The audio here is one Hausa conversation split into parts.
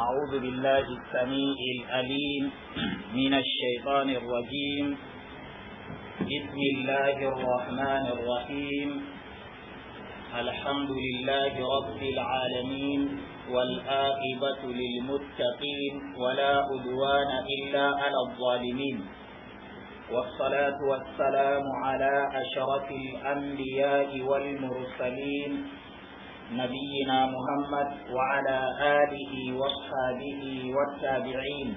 أعوذ بالله السميع الأليم من الشيطان الرجيم بسم الله الرحمن الرحيم الحمد لله رب العالمين والآقبة للمتقين ولا عدوان إلا على الظالمين والصلاة والسلام على أشرف الأنبياء والمرسلين نبينا محمد وعلى آله واصحابه والتابعين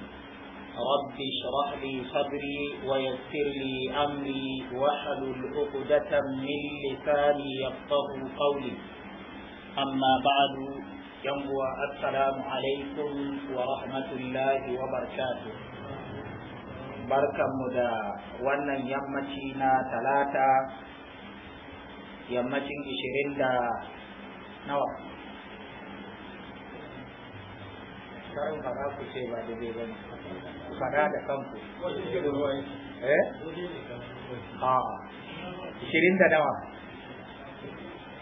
رب اشرح لي صدري ويسر لي أمري واحلل عقدة من لساني يفقه قولي أما بعد ينبوى السلام عليكم ورحمة الله وبركاته barkanmu da wannan yammaci na talata yammacin 20 nawa karin fara ku ce ba daidai ba ne fara da kanku eh a ishirin da nawa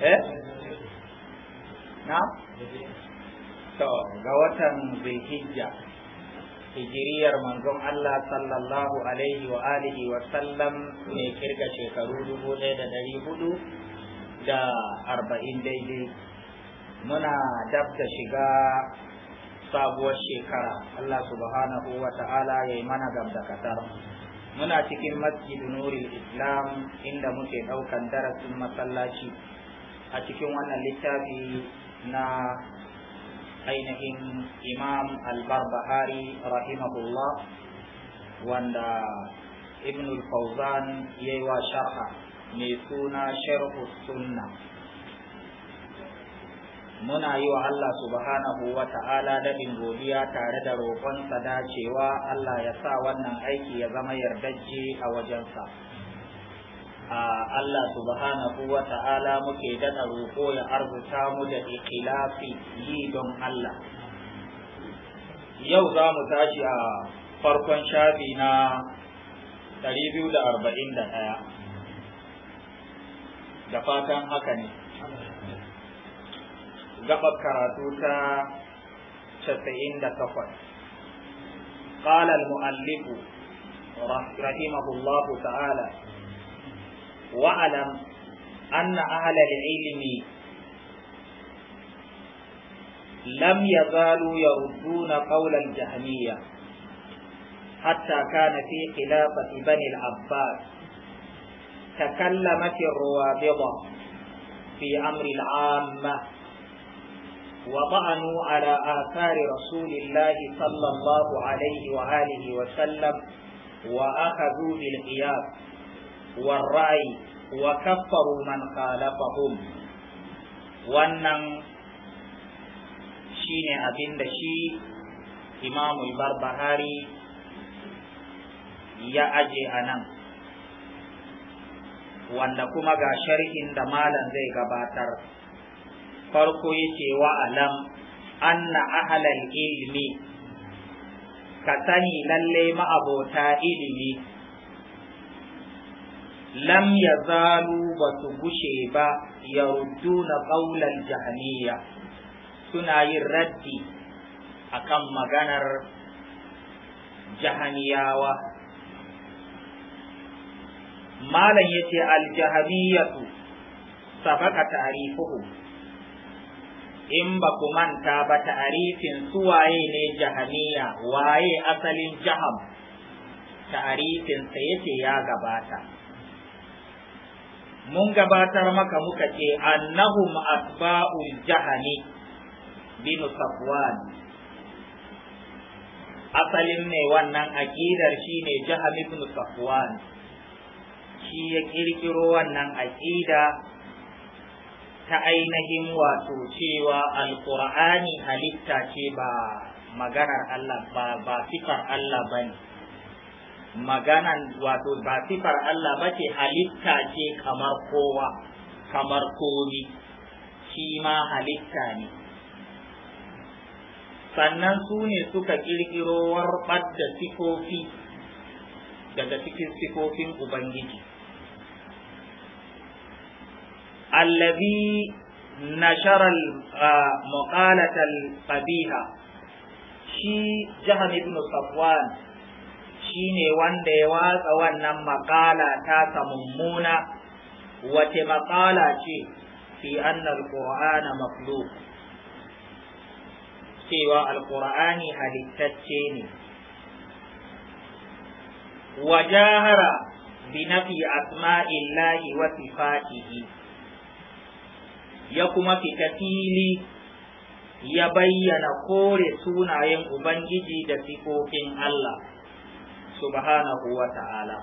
eh na to ga watan zulhijja hijiriyar manzon Allah sallallahu alaihi wa alihi wa sallam ne kirga shekaru dubu ɗaya da ɗari hudu da arba'in daidai muna da shiga sabuwar shekara Allah subhanahu wa ta'ala ya yi mana gamdakatar muna cikin masjid nuril islam inda muke ɗaukan darasin masallaci a cikin wannan littafi na ainihin imam al-barbahari rahimahullah wanda ibn al-fawzan ya yi wa sharha mai suna sharhu sunna muna yi wa Allah subhanahu wa ta'ala daɗin godiya tare da roƙonsa dacewa Allah ya sa wannan aiki ya zama yardajje a wajensa. A Allah subhanahu wa ta'ala muke daɗa roƙo ya arzuta mu da ikilafi yi don Allah. Yau za mu tashi a farkon shafi na 241 da fatan haka ne. gabar karatu ta 98 qala al-mu'allif rahimahullah ta'ala wa alam anna ahla al-ilmi lam yazalu yarudduna qawla al-jahmiyya hatta kana fi khilafati bani al-abbas تكلمت الروابضة في أمر العامة وطعنوا على آثار رسول الله صلى الله عليه وآله وسلم وأخذوا بالقياس والرأي وكفروا من خالفهم wannan shine abin da shi imamu barbahari ya aje a nan wanda kuma ga sharhin da malam zai gabatar farko yace wa alam anna ahalal ilmi ka sani lalle ma'abota ilimi lam yazalu ba su gushe ba na qawlal jahaniya. suna yin raddi akan maganar jahaniyawa malam yace al jahamiyatu safaka ta'rifuhu in ba ku manta ba ta'arifin suwaye ne jahaniya waye asalin jaham ta'arifinsa yake ya gabata mun gabatar maka muka ce annahum asba'ul jahani binu safwan asalin ne wannan aƙidar shine jaham ibn safwan shi ya kirkiro wannan aƙida ta ainihin wato cewa alkur'ani halitta ce ba maganar Allah ba ba sifar Allah ba ne maganan wato ba sifar Allah ba ce halitta ce kamar kowa kamar komi shi ma halitta ne sannan su ne suka ƙirƙiro warɓar da sifofi daga cikin sifofin Ubangiji allazi nasharal al-maqalata al shi jahan ibn safwan shine wanda ya watsa wannan makala ta mummuna wace makala ce fi annal qur'ana makhluq cewa alqur'ani halittacce ne wajahara bi nafi asma'illahi wa sifatihi ya kuma fita fili ya bayyana kore sunayen Ubangiji da sifofin Allah subhanahu wa ta'ala.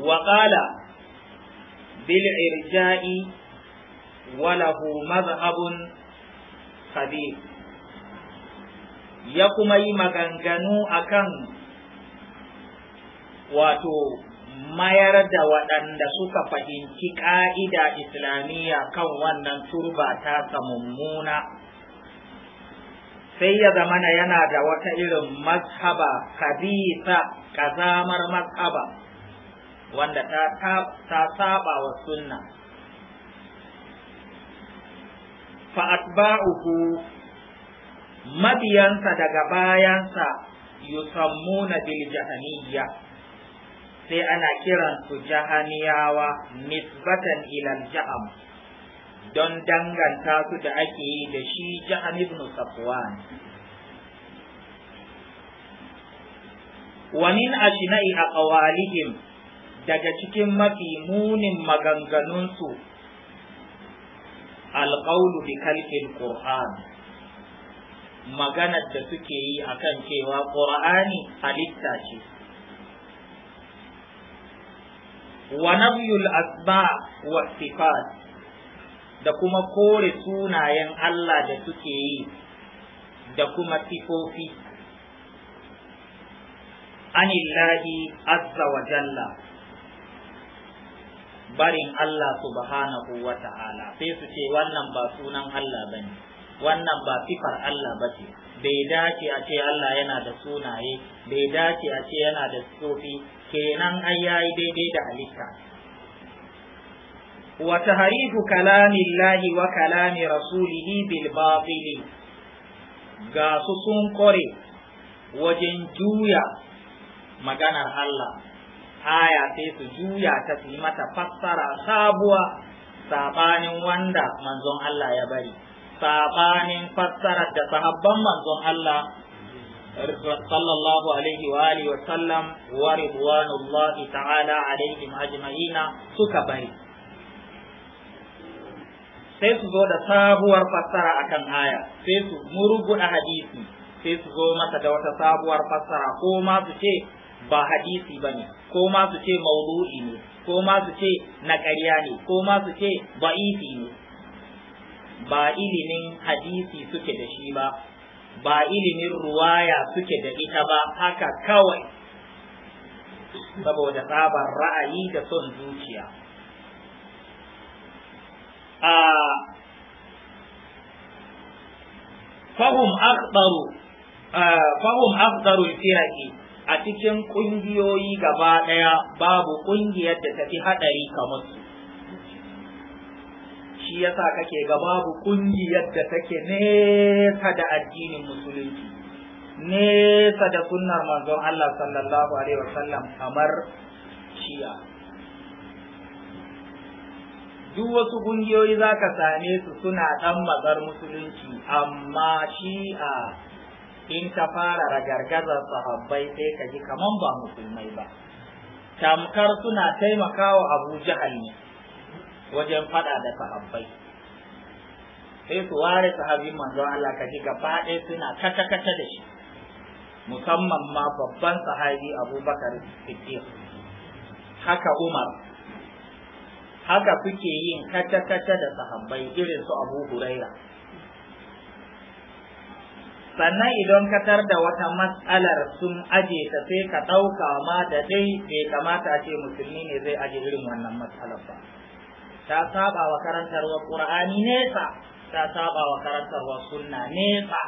Wa ƙala bil'irja'i walahu abun kabir ya kuma yi maganganu akan wato mayar da waɗanda suka fahimci ƙa'ida islamiyya kan wannan turba ta mummuna sai ya zamana yana da wata irin mazhaba kabisa kazamar mazhaba wanda ta saba wa sunna fa'atba'uhu mabiyansa daga bayansa yusammuna bil jahaniyya sai ana kiran su jahaniyawa nisbatan ilal jaham don danganta su da ake yi da shi jaham ibn safwan wa min ashna'i aqwalihim daga cikin mafi munin maganganunsu alqawlu bi kalfil qur'an maganar da suke yi akan cewa qur'ani halitta ce wa nabiyul asba wa sifat da kuma kore sunayen Allah da suke yi da kuma sifofi anillahi azza wa jalla barin Allah subhanahu wa ta'ala sai su ce wannan ba sunan Allah ba ne wannan ba sifar Allah ba ce bai dace a ce Allah yana da sunaye bai dace a ce yana da sifofi kenan ai yayi daidai da halitta wa tahrifu kalamillahi wa kalami rasulihi bil batili ga su sun kore wajen juya maganar Allah aya sai su juya ta fi mata fassara sabuwa sabanin wanda manzon Allah ya bari sabanin fassarar da sahabban manzon Allah صلى الله عليه وآله وسلم ورضوان الله تعالى عليهم أجمعين سكبري sai su zo da sabuwar fassara akan aya sai su murguɗa hadisi sai su zo masa da wata sabuwar fassara ko ma su ce ba hadisi ba ne ko ma su ce maudu'i ne ko ma su ce na ƙarya ne ko ma su ce ba'ifi ne ba ilimin hadisi suke da shi ba ba ilimin ruwaya suke da ita ba haka kawai saboda tsabar ra'ayi da son zuciya a fahim akhdaru fahim a cikin ƙungiyoyi gaba ɗaya babu ƙungiyar da tafi haɗari kamar su shi yasa kake ga babu kungiyar da take nesa da addinin musulunci nesa da sunnar manzon Allah sallallahu alaihi wasallam kamar shi'a duk wasu kungiyoyi za ka same su suna ɗan mazar musulunci amma shi'a in ka fara ragargazar sahabbai sai ka ji kaman ba musulmai ba tamkar suna taimakawa abu jahal wajen faɗa da sahabbai sai su ware sahabin manzon Allah ka ji gaba ɗaya suna kata-kata da shi musamman ma babban sahabi abubakar siddiq haka umar haka kuke yin kata-kata da sahabbai irin su abu huraira sannan idan ka tar da wata matsalar sun aje ta sai ka ɗauka ma da dai bai kamata a ce musulmi ne zai aje irin wannan matsalar ba ta saba wa karantarwar qur'ani nesa ta saba wa karantarwar sunna nesa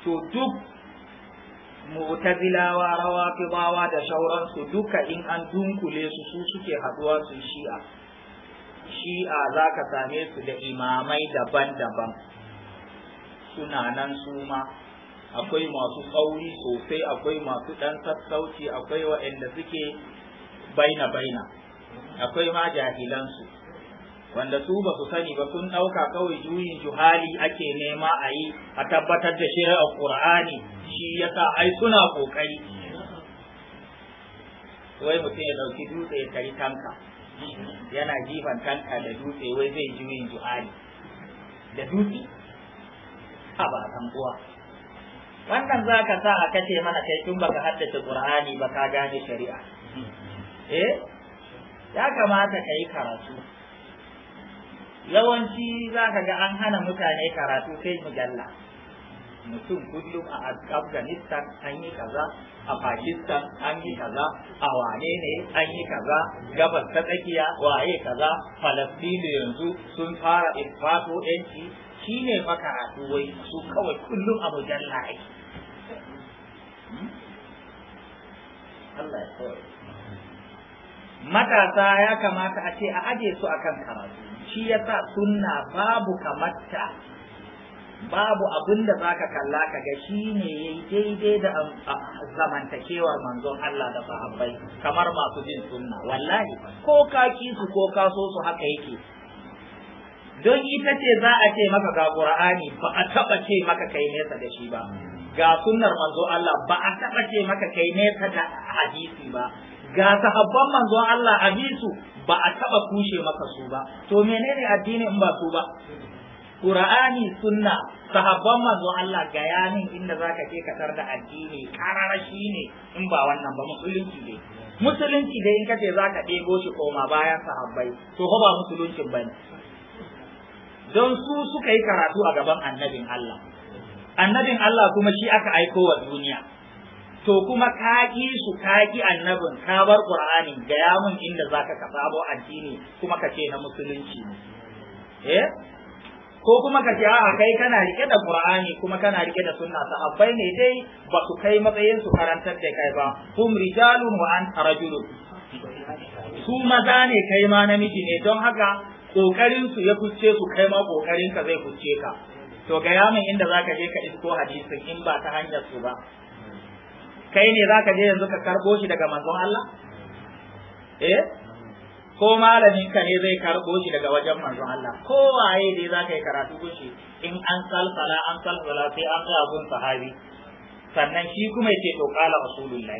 to duk mu'tazilawa rawafidawa da shauransu duka in an dunkule su su suke haɗuwa su shi'a shi'a za ka same su da imamai daban-daban suna nan su ma akwai masu sauri sosai akwai masu ɗan sassauci akwai waɗanda suke baina baina akwai ma jahilansu wanda su ba su sani ba sun ɗauka kawai juyin juhali ake nema a yi a tabbatar da shi ƙur'ani shi yasa ai suna ƙoƙari wai mutum ya ɗauki dutse ya tari tanka yana jifan tanka da dutse wai zai juyin juhali da dutse a ba uwa. wannan za ka sa a kace mana kai tun baka haddace qur'ani ba ka gane shari'a eh ya kamata ka yi karatu yawanci za ka ga an hana mutane karatu sai mujalla mutum kullum a afghanistan an yi kaza a pakistan an yi kaza a wane ne an yi kaza gabas ta tsakiya waye kaza Falastini yanzu sun fara ifato yanci shine makaratu wai su kawai kullum a mujalla ake matasa ya kamata a ce a aje su a kan karatu shi ya sa sunna babu kamata babu abin da zaka kalla ka ga shi ne ya yi daidai da zamantakewar manzon Allah da sahabbai kamar masu jin sunna wallahi ko ka ki su ko ka so su haka yake don ita ce za a ce maka ga Qur'ani ba a taɓa ce maka kai nesa da shi ba ga sunnar manzo Allah ba a taɓa ce maka kai nesa da hadisi ba ga sahabban manzo Allah a bisu ba a taɓa kushe maka su ba to menene addini in ba su ba Qur'ani sunna sahabban manzo Allah ga yanin inda zaka je ka da addini kararashi ne in ba wannan ba musulunci ne musulunci dai in kace zaka ɗebo shi koma bayan sahabbai to ba musuluncin bane don su suka yi karatu a gaban annabin Allah annabin Allah kuma shi aka aiko wa duniya to kuma ka ƙi su ka ƙi annabin ka bar qur'ani gaya mun inda zaka ka sabo addini kuma ka ce na musulunci eh ko kuma ka ce a kai kana rike da qur'ani kuma kana rike da sunna sahabbai ne dai ba su kai matsayin su karantar da kai ba hum rijalun wa anta rajulun su maza ne kai ma namiji ne don haka kokarin su ya fuske su kai ma kokarin ka zai fuske ka to gaya min inda za ka je ka isko hadisin in ba ta hanyar su ba kai ne za ka je yanzu ka karbo shi daga manzon Allah eh ko malamin ka ne zai karbo shi daga wajen manzon Allah ko waye ne za ka yi karatu gushi in an salsala an salsala sai an ga abun sahabi sannan shi kuma yake to qala rasulullah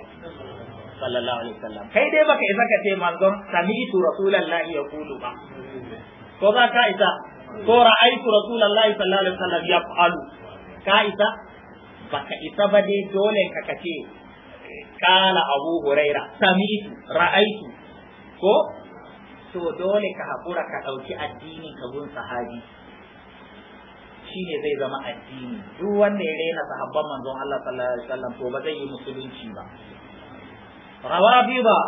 sallallahu alaihi wasallam kai dai baka isa ka ce manzon tu rasulullah yaqulu ba ko ba ka isa ko ra'aytu rasulullahi sallallahu alaihi wasallam yaf'alu ka isa baka isa ba dai dole ka kace kana abu huraira sami'tu ra'aytu ko to dole ka hakura ka dauki addini ka gun sahabi shine zai zama addini duk wanda ya rena sahabban manzon Allah sallallahu alaihi wasallam to ba zai yi musulunci ba rawabi ba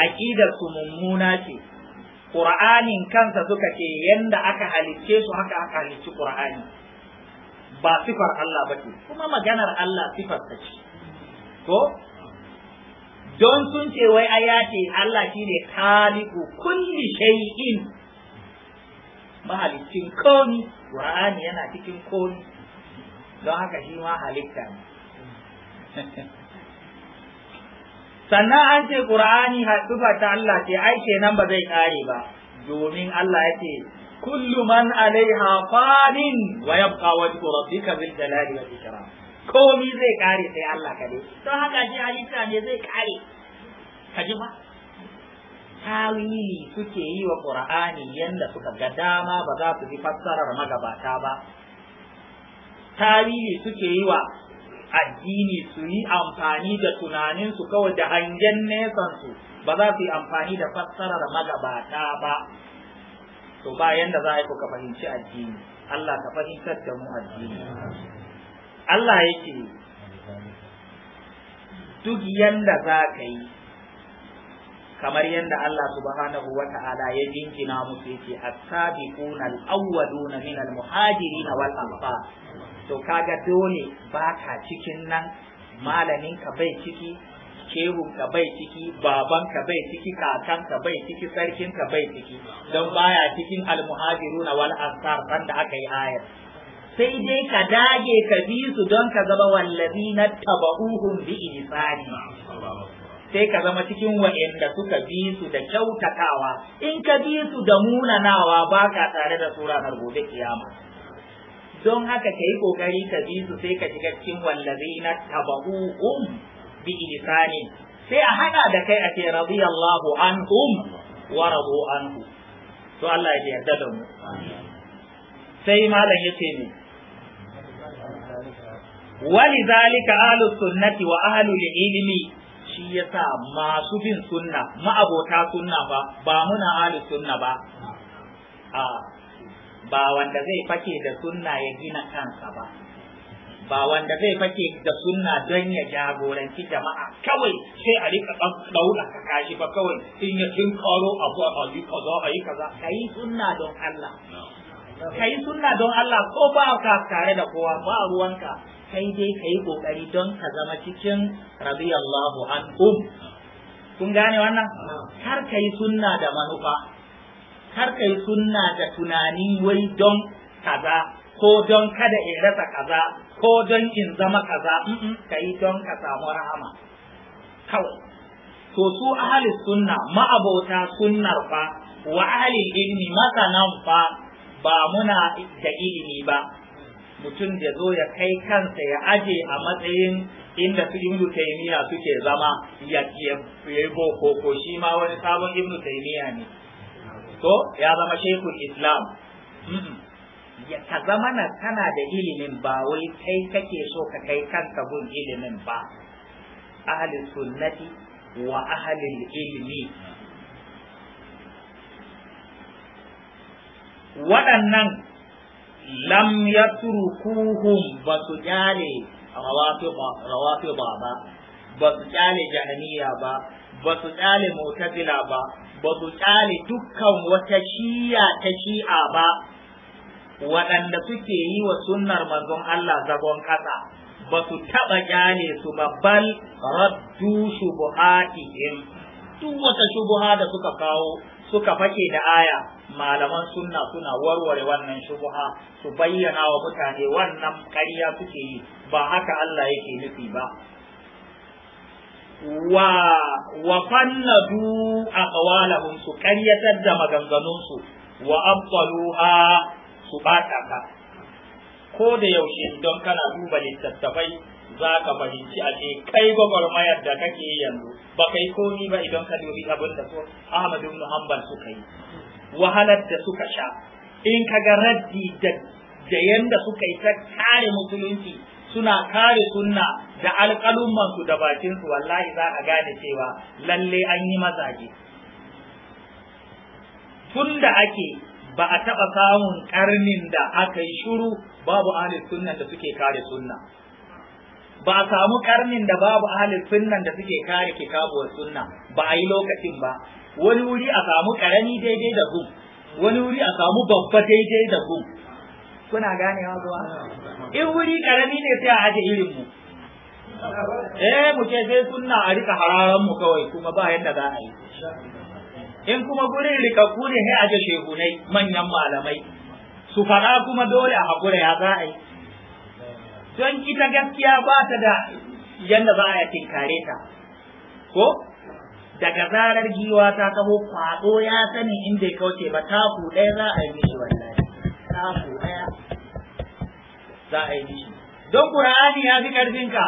aqidar su mummuna ce ƙura'anin kansa suka ce yanda aka halicce su haka aka halicci ƙura'ani ba sifar Allah ba ce kuma maganar Allah sifar ta ce to don sun ce wai aya ce Allah shine khaliqu kulli shay'in mahalicin komi ƙura'ani yana cikin komi don haka shi ma halitta ne sannan an ce qur'ani sifa ta Allah ce ai kenan ba zai kare ba domin Allah yake kullu man alaiha fanin wa yabqa wajhu rabbika bil jalali wal ikram komai zai kare sai Allah kade to haka ji halitta ne zai kare kaji ba tawili suke yi wa qur'ani yanda suka ga dama ba za su fi fassarar magabata ba tawili suke yi wa addini su yi amfani da tunaninsu kawai da hangen nesansu ba za su yi amfani da fassarar magabata ba to bayan da za a yi kuka fahimci addini Allah ka fahimtar da mu addini Allah yake duk yanda za ka yi kamar yanda Allah subhanahu wa ta'ala ya jinkina musu yake as-sabiquna al-awwaluna min al-muhajirin wal ansar to kaga dole ba ka cikin nan malamin ka bai ciki kehu ka bai ciki baban ka bai ciki kakan ka bai ciki sarkin ka bai ciki don baya cikin almuhajiruna wal ansar sanda aka yi ayar sai dai ka dage ka bi su don ka zama wallafi na taba'uhum bi ihsani sai ka zama cikin wa'anda suka bi su da kyautakawa in ka bi su da munanawa ba ka tare da sura gobe kiyama don haka ka yi kokari ka bi su sai ka shiga cikin wallazina um bi ihsani sai a hada da kai a ce radiyallahu anhum wa radu anhu to Allah ya yarda da mu sai malam yace ne ولذلك sunnati wa ahlu ilmi shi yasa masu bin sunna ma'abota sunna ba ba muna ahli sunna ba a ba wanda zai fake da sunna ya gina kansa ba ba wanda zai fake da sunna don ya jagoranci jama'a kawai sai a rika daura ka kashi ba kawai in ya kin karo abu a yi kaza a yi kaza yi sunna don Allah ka yi sunna don Allah ko ba ka tare da kowa ba ruwanka kai dai yi kokari don ka zama cikin radiyallahu anhum kun gane wannan har kai sunna da manufa kar kai sunna da tunani wai don kaza ko don kada in rasa kaza ko don in zama kaza ka yi don ka samu rahama kawai to su ahalis sunna ma'abota sunnar fa wa ahalin ilmi masanan fa ba muna da ilimi ba mutum da zo ya kai kansa ya aje a matsayin inda su ibnu taymiya suke zama ya yi boko ko shi ma wani sabon ibnu taymiya ne to ya zama shekul islam ka zama na kana da ilimin ba wai kai kake so ka kai kanka gun ilimin ba ahalin sunnati wa ahalin ilimi waɗannan lam ya turkuhun ba su kyale rawafi ba ba su kyale jahaniya ba ba su kyale motazila ba ba su tsare dukkan wata shiya ta shi'a ba waɗanda suke yi wa sunnar manzon Allah zagon ƙasa ba su taɓa ƙyale su ba bal raddu shubuhatihim duk wata shubuha da suka kawo suka fake da aya malaman sunna suna warware wannan shubuha su bayyana wa mutane wannan ƙarya suke yi ba haka Allah yake nufi ba wa wa fannadu aqwalahum su karyatar da maganganunsu wa abtaluha su bata ka ko da yaushe don kana duba littattafai zaka fahimci a ce kai gwagwarmayar da kake yanzu ba kai komi ba idan ka dubi abin da su Ahmadu ibn Hanbal suka yi wahalar da suka sha in ka ga raddi da da yanda suka yi ta kare musulunci suna kare sunna da alƙalummansu da bakinsu wallahi za a gane cewa lalle an yi mazaje tun da ake ba a taɓa samun karnin da aka yi shuru babu ahalin sunnan da suke kare sunna ba a samu karnin da babu ahalin sunnan da suke kare kitabuwar sunna ba a yi lokacin ba wani wuri a samu ƙarami daidai da gum wani wuri a samu babba daidai da gum kuna wa zuwa in wuri karami ne sai a aje irin eh mu ke sai sunna a rika hararan mu kawai kuma ba yadda za a yi in kuma gurin rikakku ne sai aje shehunai manyan malamai su faɗa kuma dole a haƙura ya za a yi don ita gaskiya ba ta da yadda za a yi tinkare ta ko daga zarar giwa ta kawo kwaɗo ya sani inda ya kauce ba taku ɗaya za a yi mishi wannan za a yi don ƙur'ani ya fi ƙarfinka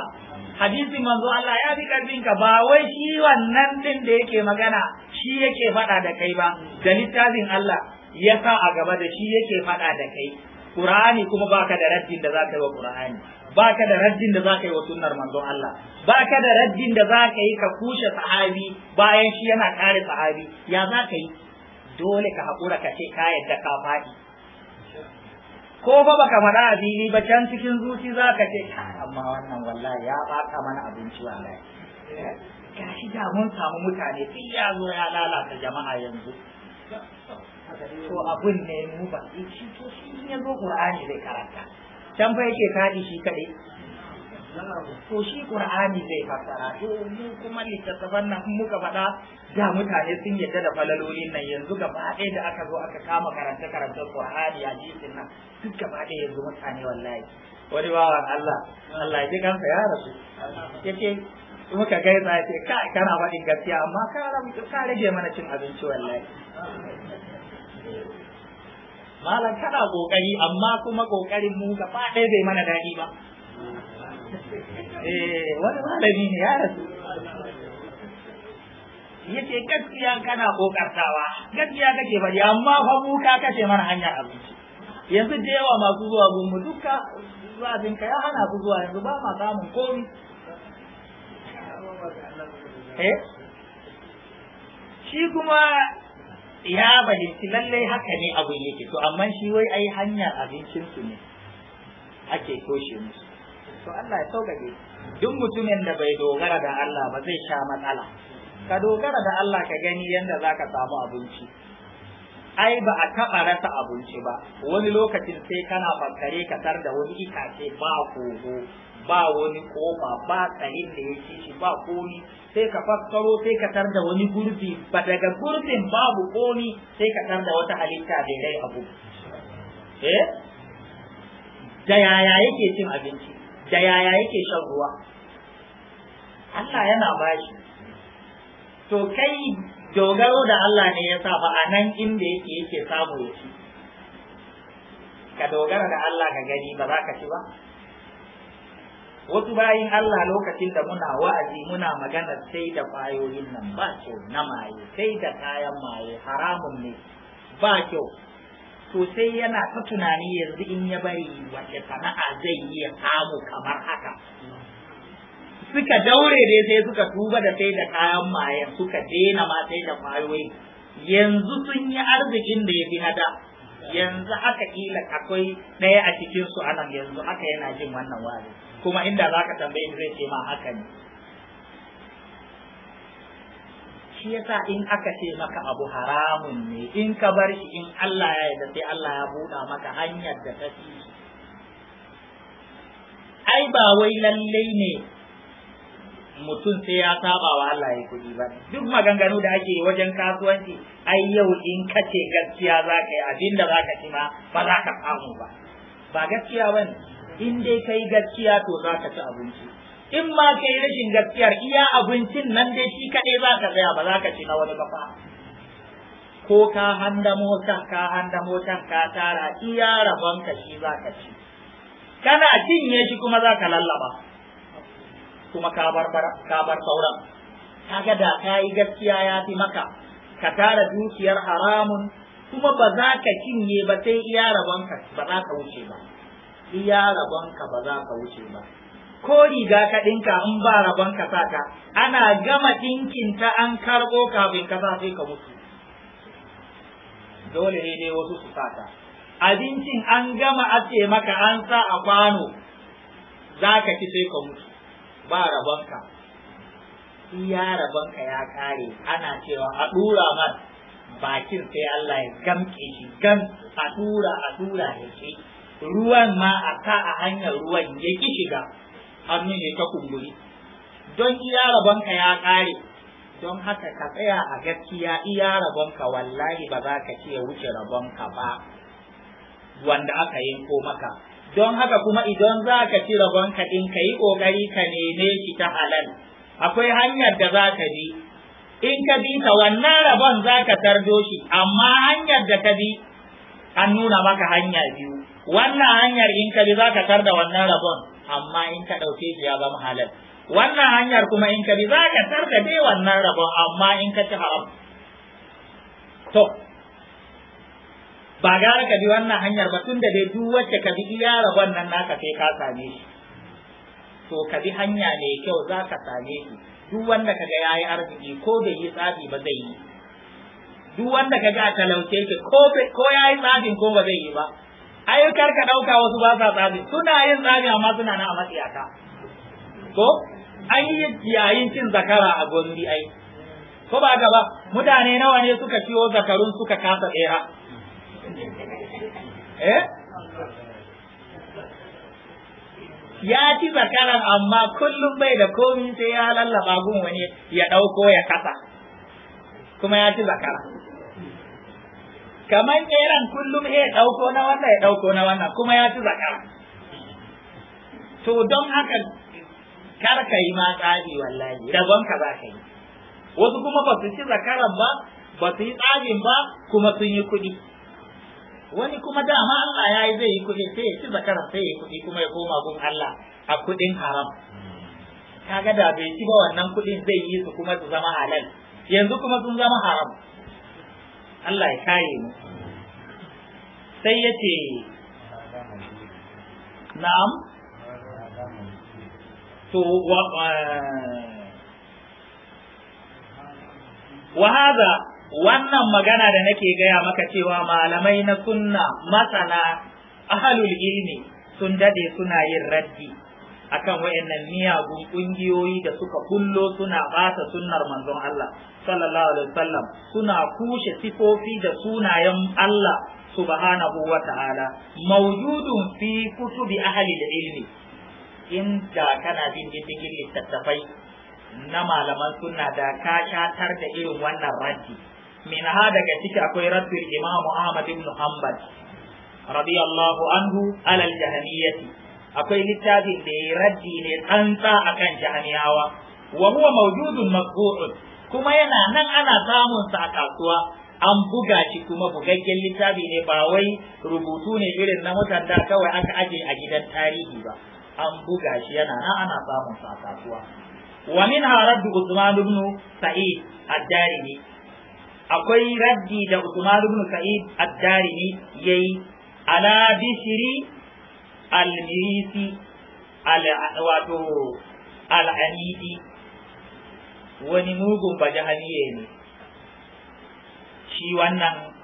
hadisi manzo Allah ya fi ƙarfinka ba wai shi wannan ɗin da yake magana shi yake faɗa da kai ba da littafin Allah ya sa a gaba da shi yake faɗa da kai Ƙur'ani kuma baka da raddin da zaka yi wa Qur'ani baka da raddin da zaka yi wa sunnar manzo Allah baka da raddin da zaka yi ka kushe sahabi bayan shi yana kare sahabi ya zaka yi dole ka haƙura ka ce ka yadda ka faɗi ko fa baka faɗa a fili ba can cikin zuci za ka ce amma wannan wallahi ya baka mana abinci wallahi shi da mun samu mutane sai ya zo ya lalata jama'a yanzu to abin ne mu ba shi to shi ya zo qur'ani zai karanta can fa yake kadi shi kaɗai. to shi qur'ani zai fassara to mu kuma littattafan nan muka faɗa da mutane sun yadda da falalolin nan yanzu gaba ɗaya da aka zo aka kama karanta karanta qur'ani hadisin nan duk gaba ɗaya yanzu mutane wallahi wani bawa Allah Allah ya kansa ya rasu yace muka gaisa ka ka kana faɗin gaskiya amma ka ka rage mana cin abinci wallahi malam kana kokari amma kuma kokarin mu gaba ɗaya bai mana daɗi ba eh wani malami ne ya rasu Ya ce gaskiya kana kokartawa gaskiya kake bari amma fa mu ka kace mana hanyar abinci yanzu da yawa masu zuwa gunmu duka zafin ka ya hana ku zuwa yanzu ba ma samun komi eh shi kuma ya fahimci lallai haka ne abin yake to amma shi wai ai hanyar abincin su ne ake toshe musu to Allah ya sauƙaƙe duk mutumin da bai dogara da Allah ba zai sha matsala ka dogara da Allah ka gani yadda za ka samu abinci ai ba a taɓa rasa abinci ba wani lokacin sai kana fankare ka tar da wani itace ba kogo ba wani ƙofa ba tsarin da ya ci shi ba komi sai ka fassaro sai ka tar da wani gurbi ba daga gurbin babu komi sai ka tar da wata halitta bai rai abu eh da yaya yake cin abinci da yaya yake shan ruwa Allah yana bashi to kai dogaro da Allah ne ya sa a nan inda yake yake samu ya ci ka dogara da Allah ka gani ba za ka ci ba wasu bayin Allah lokacin da muna wa'azi muna magana sai da kwayoyin nan ba kyau na maye sai da kayan maye haramun ne ba kyau to sai yana ta tunani yanzu in ya bari wace sana'a zai yi ya samu kamar haka suka daure ne sai suka tuba da sai da kayan mayan suka dena ma sai da kwayoyi yanzu sun yi arzikin da ya fi hada yanzu haka kila akwai ɗaya a cikin su anan yanzu haka yana jin wannan wari kuma inda za ka tambaye zai ce ma haka ne shi yasa in aka ce maka abu haramun ne in ka bar shi in Allah ya yarda sai Allah ya buɗa maka hanyar da ta fi ai ba wai lallai ne mutum sai ya saba wa Allah ya kuɗi ba duk maganganu da ake wajen kasuwanci ai yau in ka ce gaskiya za ka yi abin da za ka ci ma ba za ka samu ba ba gaskiya ba in dai ka yi gaskiya to za ka ci abinci in ma ka yi rashin gaskiyar iya abincin nan dai shi kaɗai za ka tsaya ba za ka ci na wani ba ko ka handa motar ka handa motar ka tara iya rabon ka shi za ka ci kana cinye shi kuma za ka lallaba kuma ka bar sauran kaga da ka yi gaskiya ya fi maka ka tara dukiyar haramun kuma ba za ka cinye ba sai iya rabon ka ba za ka wuce ba iya rabon ka ba za ka wuce ba ko riga ka ɗinka in ba rabon ka saka ana gama ɗinkinta ta an karɓo kafin ka sa sai ka mutu dole ne dai wasu su saka abincin an gama ce maka an sa a kwano za ka ci sai ka mutu ba rabon ka iya rabon ka ya kare ana cewa a ɗura man bakin sai Allah ya gamke shi gam a ɗura a ɗura ya ce ruwan ma a sa a hanyar ruwan ya ki shiga Hannu ne ta kumburi don iya rabonka ya ƙare don haka ka tsaya a gaskiya iya rabonka wallahi ba za ka ciye wuce rabonka ba wanda aka ko maka don haka kuma idan za ka ci rabonka ɗin ka yi ƙoƙari ka neme shi ta halal akwai hanyar da za ka bi in ka bi ta wannan rabon za ka tardo shi amma hanyar da ka bi an nuna maka hanya biyu wannan hanyar in ka bi za ka tarda wannan rabon amma in ka ɗauke shi ya zama halal wannan hanyar kuma in ka bi za ka tarkace wannan rabon amma in ka ci haram to ba gara ka bi wannan hanyar ba tun da dai duk wacce ka bi iya rabon nan naka sai ka same shi to ka bi hanya ne kyau za ka same shi duk wanda ka ga ya yi arziki ko bai yi tsafi ba zai yi duk wanda ka ga talauce ko ya yi tsafin ko ba zai yi ba ai ka dauka wasu ba sa tsabi suna yin tsabi amma suna na a matsiyaka ko an yi yayin cin zakara a gombe ai ko ba gaba mutane nawa ne suka ciwo zakarun suka kasa tsera eh ya ci zakaran amma kullum bai da komi sai ya lallaba gun wani ya ɗauko ya kasa kuma ya ci zakara kamar ƙeran kullum ya ɗauko na wannan ya ɗauko na wannan kuma ya ci zakar to don haka kar ka yi ma tsari wallahi rabon ka ba ka yi wasu kuma ba su ci zakaran ba ba su yi tsarin ba kuma sun yi kuɗi wani kuma dama Allah ya yi zai yi kuɗi sai ya ci zakaran sai ya yi kuɗi kuma ya koma gun Allah a kuɗin haram kaga da bai ci ba wannan kuɗin zai yi su kuma su zama halal yanzu kuma sun zama haram Allah ya kare mu sai ya ce na'am to wa eh, wa wannan magana da nake gaya maka cewa malamai na sunna masana ahalul ilmi sun dade suna yin raddi akan wayannan miyagun kungiyoyi da suka kullo suna bata sunnar manzon Allah sallallahu alaihi wasallam suna kushe sifofi da sunayen Allah subhanahu wa ta'ala mawjudun fi kutubi ahli da ilmi in da kana bin diddigin littattafai na malaman sunna da ka shatar da irin wannan raddi min ha daga ciki akwai raddul imamu ahmad ibn hanbal radiyallahu anhu alal jahmiyati akwai littafin da ya raddi ne tsantsa akan jahmiyawa wa huwa mawjudun maqbu'un kuma yana nan ana samun sa a kasuwa an buga shi kuma bugaggen littafi ne ba wai rubutu ne irin na mutanda kawai aka aje a gidan tarihi ba an buga shi yana nan ana samun sa a kasuwa wa min raddu Usman ibn Sa'id ad-Darimi akwai raddi da Usman ibn Sa'id ad-Darimi yayi ala bisri al-misi al-wato al-anidi al-Mirisi al wato al-Anidi wani mugun ba bajahaniye ne shi wannan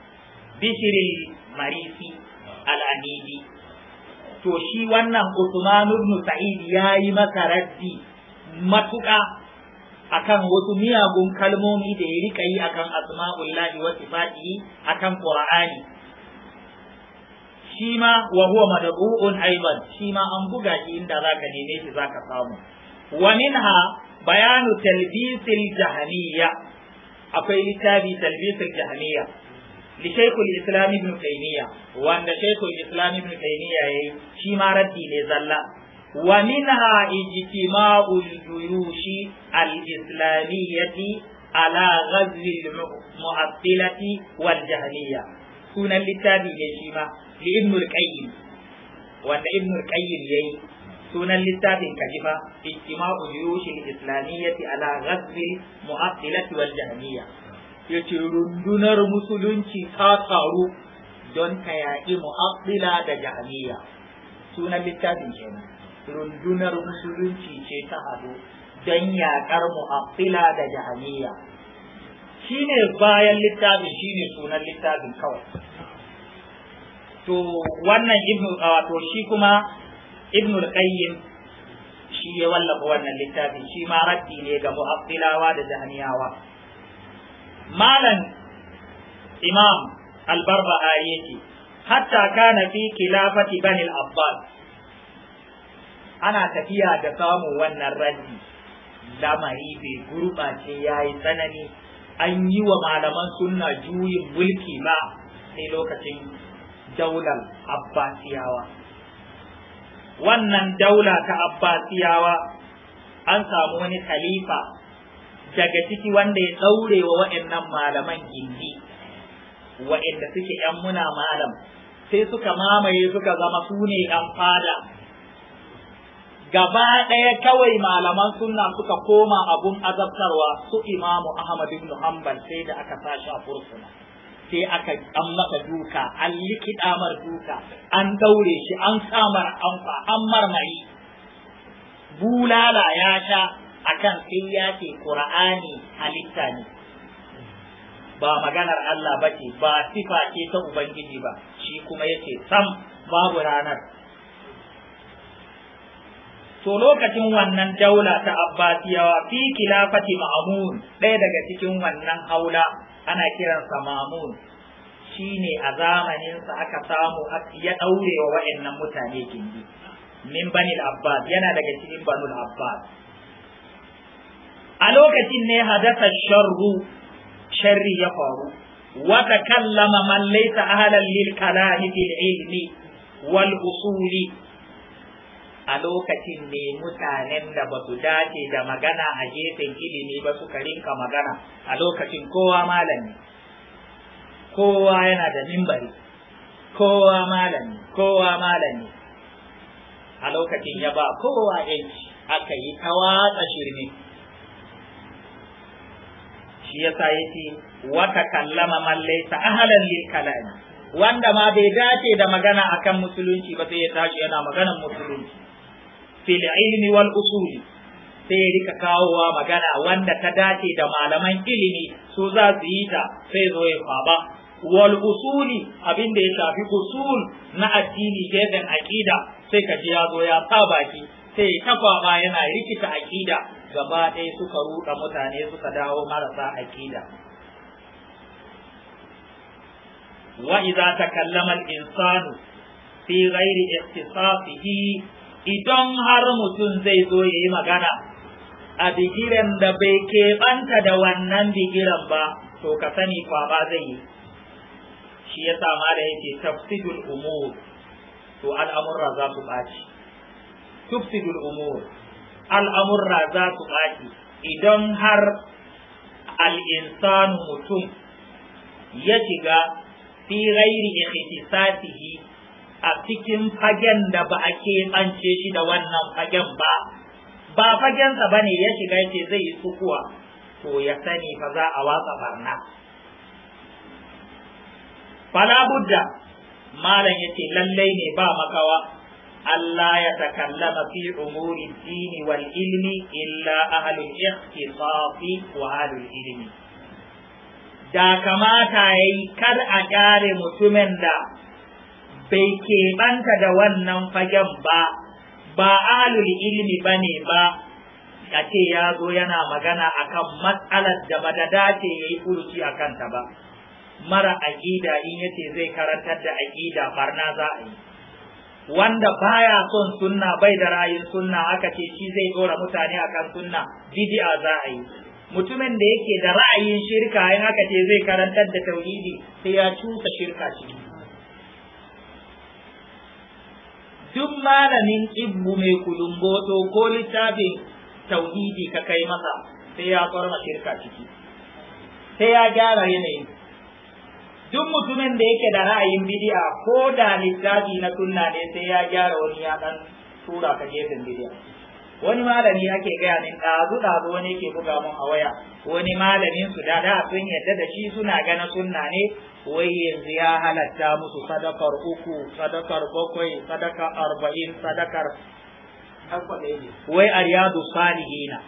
Bishirin marifi al'anidi to shi wannan usman ibn sa'id ya yi masa raddi matuƙa akan wasu miyagun kalmomi da ya rika yi akan asma'ullahi wa sifati akan qur'ani shi ma wa huwa mad'u'un aidan shi ma an buga shi inda zaka neme shi zaka samu wa minha بيان تلبيس الجهنية أقول لتابي تلبيس الجهنية لشيخ الإسلام ابن تيمية وأن شيخ الإسلام ابن تيمية شما ردي لزلة ومنها اجتماع الجيوش الإسلامية على غزو المعطلة والجهمية كنا لتابي لشما لابن القيم وأن ابن القيم يي sunan littafin kajifa ijtima'u juyushin islamiyyati ala ghazbil mu'attilati wal jahmiyya yace rundunar musulunci ta taru don ta yaƙi mu'attila da jahmiyya sunan littafin kenan rundunar musulunci ce ta hadu don yaƙar mu'attila da jahmiyya shine bayan littafin shine sunan littafin kawai to wannan ibnu wato shi kuma ibnul qayyim shi ya wallafa wannan littafin shi ma raddi ne ga mu'abdilawa da jahmiyawa malam imam albarba ayeti hatta kana fi khilafati bani al-abbas ana tafiya da samun wannan raddi lamari bai gurbace yayi tsanani an yi wa malaman sunna juyin mulki ba sai lokacin daular abbasiyawa wannan daula ta abbasiyawa an samu wani khalifa daga ciki wanda ya daure wa wa'annan malaman gindi wa'anda suke yan muna malam sai suka mamaye suka zama sune ne fada gaba ɗaya kawai malaman sunna suka koma abun azabtarwa su imamu ahmad ibn hanbal sai da aka sashi a fursuna sai aka an masa duka an likida mar duka an daure shi an samar amfa an marmari bulala ya sha akan sai ya ce qur'ani halitta ne ba maganar Allah ba ce ba sifa ce ta ubangiji ba shi kuma yake sam babu ranar to lokacin wannan daula ta abbasiyawa fi kilafati ma'amun ɗaya daga cikin wannan haula ana kiransa mamun shine a zamaninsa aka samu ya daure wa waɗannan mutane gindi min banil abbas yana daga cikin banul abbas a lokacin ne hadasa sharru sharri ya faru wata kallama man laysa ahlan lil kalami fil ilmi wal usuli a lokacin ne mutanen da ba su dace da magana a gefen ilimi ba suka rinka magana a lokacin kowa malami kowa yana da mimbari kowa malami kowa malami a lokacin ya ba kowa yanci aka yi ta watsa shirme shi ya sayi yace wata kallama mallai ta ahalar kalami wanda ma bai dace da magana akan musulunci ba sai ya tashi yana maganan musulunci fil ilmi wal usuli sai ya rika kawowa magana wanda ta dace da malaman ilimi su za su yi ta sai zo ya kwaba wal usuli abin da ya shafi usul na addini gefen aqida sai ka ji ya zo ya sa baki sai ta kwaba yana rikita aqida gaba ɗaya suka ruɗa mutane suka dawo marasa aqida wa idza takallama al-insanu fi ghairi ikhtisasihi idan har mutum zai zo ya yi magana a bigiran da bai keɓanta da wannan bigiran ba to ka sani kwaba zai yi shi ya sa da yake tafsidul umur to al'amurra za su ɓaci tafsidul umur al'amurra za su ɓaci idan har al'insanu mutum ya shiga fi ghairi ikhtisasihi a cikin fagen da ba a ke keɓance shi da wannan fagen ba ba fagensa ba ne ya shiga ce zai yi sukuwa to ya sani fa za a watsa barna fala budda malam ya ce lallai ne ba makawa Allah ya takallama fi umuri dini wal ilmi illa ahlul safi wa ahlul ilmi da kamata ya yi kar a ƙare mutumin da bai keɓanta da wannan fagen ba ba alul ilmi ba ne ba a ya zo yana magana akan matsalar da bada dace ya yi furuci a kanta ba mara aƙida in yace zai karantar da aƙida barna za a yi wanda baya son sunna bai da ra'ayin sunna aka ce shi zai dora mutane akan sunna bid'a za a yi mutumin da yake da ra'ayin shirka in aka ce zai karantar da tauhidi sai ya cusa shirka ciki duk malamin ibbu mai kulumboto ko littafin tauhidi ka kai masa sai ya tsarma shirka ciki sai ya gyara yanayin duk mutumin da yake da ra'ayin bidi'a ko da littafi na sunna ne sai ya gyara wani ya dan tura ka gefen bidi'a wani malami ake gaya min ɗazu ɗazu wani ke buga mun a waya wani malamin su da da sun yadda da shi suna gana sunna ne wai yanzu ya halatta musu sadakar uku sadakar bakwai sadakar arba'in sadakar wai ariyadu salihina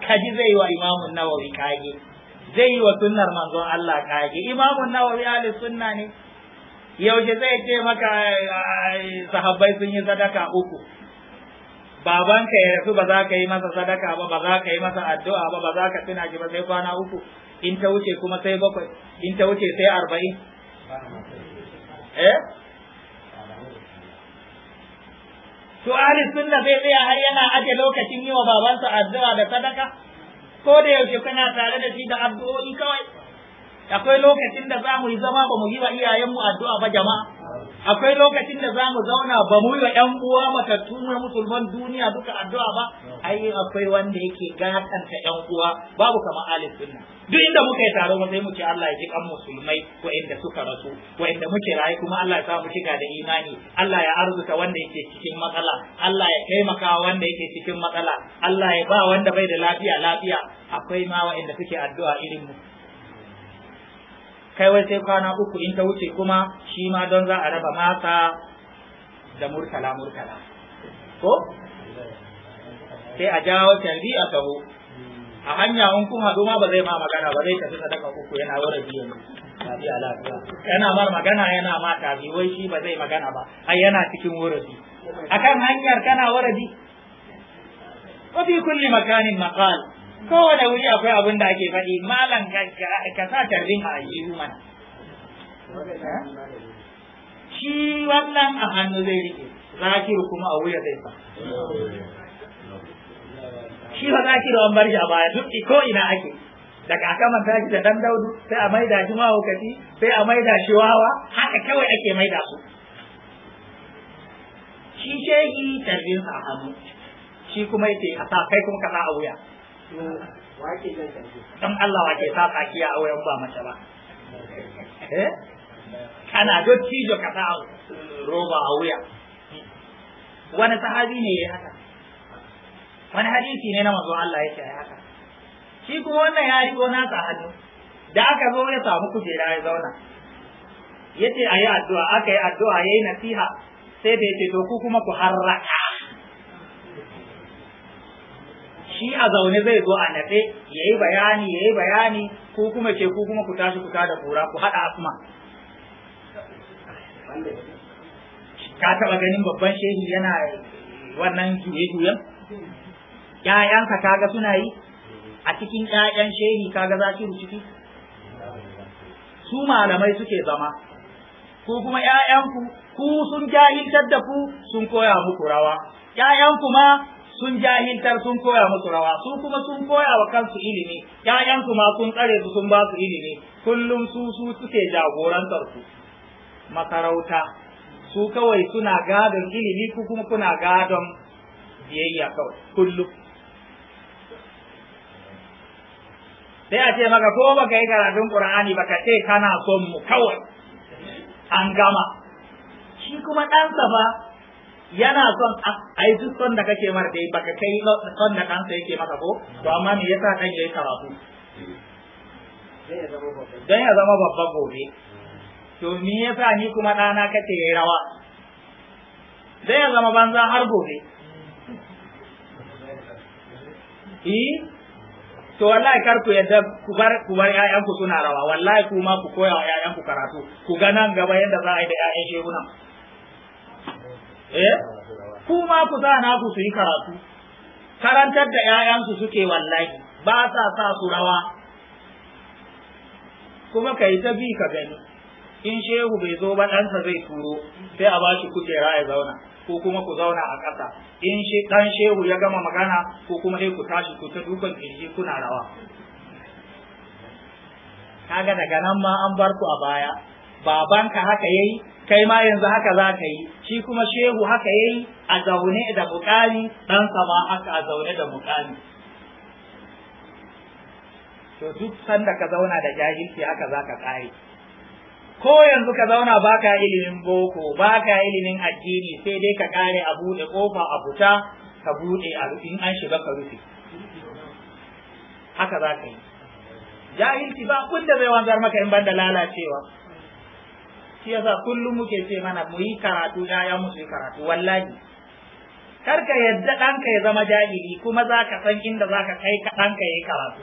kaji zai wa imamun nawawi kage zai yi wa sunnar manzon Allah kage imamun nawawi ali sunna ne yaushe zai ce maka sahabbai sun yi sadaka uku babanka ya rasu ba za ka yi masa sadaka ba ba za ka yi masa addu'a ba ba za ka tuna shi ba sai kwana uku in ta wuce kuma sai bakwai in ta wuce sai arba'in eh to ahli sunna zai tsaya har yana aje lokacin yi wa babansa addu'a da sadaka ko da yaushe kana tare da shi da addu'o'i kawai akwai lokacin da za mu yi zama ba mu yi wa iyayenmu addu'a ba jama'a akwai lokacin da za mu zauna ba mu yi ‘yan uwa matattu na musulman duniya duka addu'a ba ai akwai wanda yake gatsanta ‘yan uwa babu kama alif sunna duk inda muka yi taro mu sai mu ce Allah ya ji kan musulmai wa'inda suka rasu wa'inda muke rayu kuma Allah ya sa mu shiga da imani Allah ya arzuta wanda yake cikin matsala Allah ya taimaka wanda yake cikin matsala Allah ya ba wanda bai da lafiya lafiya akwai ma wa'inda suke addu'a irin mu kai wai sai kwana uku in ta wuce kuma shi ma don za a raba masa da murtala murtala ko sai a jawo tarbi a gabo a hanya in kun hado ma ba zai ma magana ba zai tafi sadaka uku yana wara biyan tafi a lafiya yana mar magana yana ma tafi wai shi ba zai magana ba ai yana cikin wuradi akan hanyar kana wuradi wa fi kulli makanin maqal kowane wuri akwai abin da ake faɗi malam ka sa tarbin a aljihu mana shi wannan a hannu zai rike zakir kuma a wuya zai sa shi fa zakir an bar shi a baya duk ko ina ake daga aka manta shi da dan daudu sai a maida shi mahaukaci sai a maida shi wawa haka kawai ake maida su shi shehi tarbin a hannu shi kuma yake a sa kai kuma ka sa a wuya dan Allah wake sa tsakiya a wayan ba mace ba eh kana don cijo ka ta roba a wuya wani sahabi ne ya haka wani hadisi ne na manzo Allah ya ce haka shi kuma wannan ya riko nasa hannu da aka zo ya samu kujera ya zauna ya ce a yi addu'a aka yi addu'a ya yi nasiha sai da ya ce to ku kuma ku harraka shi a zaune zai zo a natse yi bayani ya yi bayani ko kuma ce ku kuma ku tashi ku tada kura ku haɗa asma ka taɓa ganin babban shehi yana wannan juye-juyen ƴaƴanka ga suna yi a cikin ƴaƴan shehi ka ga za ki ciki su malamai suke zama ku kuma ƴaƴanku ku sun jahiltar da ku sun koya muku rawa ƴaƴanku ma sun jahiltar sun koya musu rawa su kuma sun koya wa kansu ilimi ƴaƴansu ma sun tsare su sun ba su ilimi kullum su su suke jagorantar su makarauta su kawai suna gadon ilimi ku kuma kuna gadon biyayya kawai kullum sai a ce maka ko baka yi karatun qur'ani baka ce kana son mu kawai an gama shi kuma ɗansa ba yana son ah, ai duk son da kake mar dai baka kai son da kansa yake maka ko to amma me yasa kan yayi karatu dan ya zama babban gobe to me yasa ni kuma ɗana kace yayi rawa dan ya zama banza har gobe eh to wallahi kar ku yadda ku bar ku bar ƴaƴanku suna rawa wallahi kuma ku koya wa ƴaƴanku karatu ku ga nan gaba yadda za a yi da ƴaƴan shehunan eh ku ma ku sa na ku su yi karatu karantar da 'ya'yansu suke wallahi ba sa sa su rawa kuma ka yi ta bi ka gani in shehu bai zo ba ɗansa zai turo sai a bashi kujera ya zauna ko kuma ku zauna a ƙasa in shi ɗan shehu ya gama magana ko kuma dai ku tashi ku ta dukan kirji kuna rawa kaga daga nan ma an bar ku a baya babanka haka yayi kai ma yanzu haka za ka yi shi kuma shehu haka yayi a zaune da bukali dan sama haka a zaune da bukali to duk sanda ka zauna da jahilci haka za ka kare ko yanzu ka zauna baka ilimin boko baka ilimin addini sai dai ka kare a buɗe kofa a fita ka buɗe a in an shiga ka rufe haka za ka yi jahilci ba kun da zai wanzar maka in banda lalacewa shi yasa kullum muke ce mana mu yi karatu ya mu yi karatu wallahi kar ka yadda ɗanka ya zama jahili kuma za ka san inda za ka kai ɗanka ya yi karatu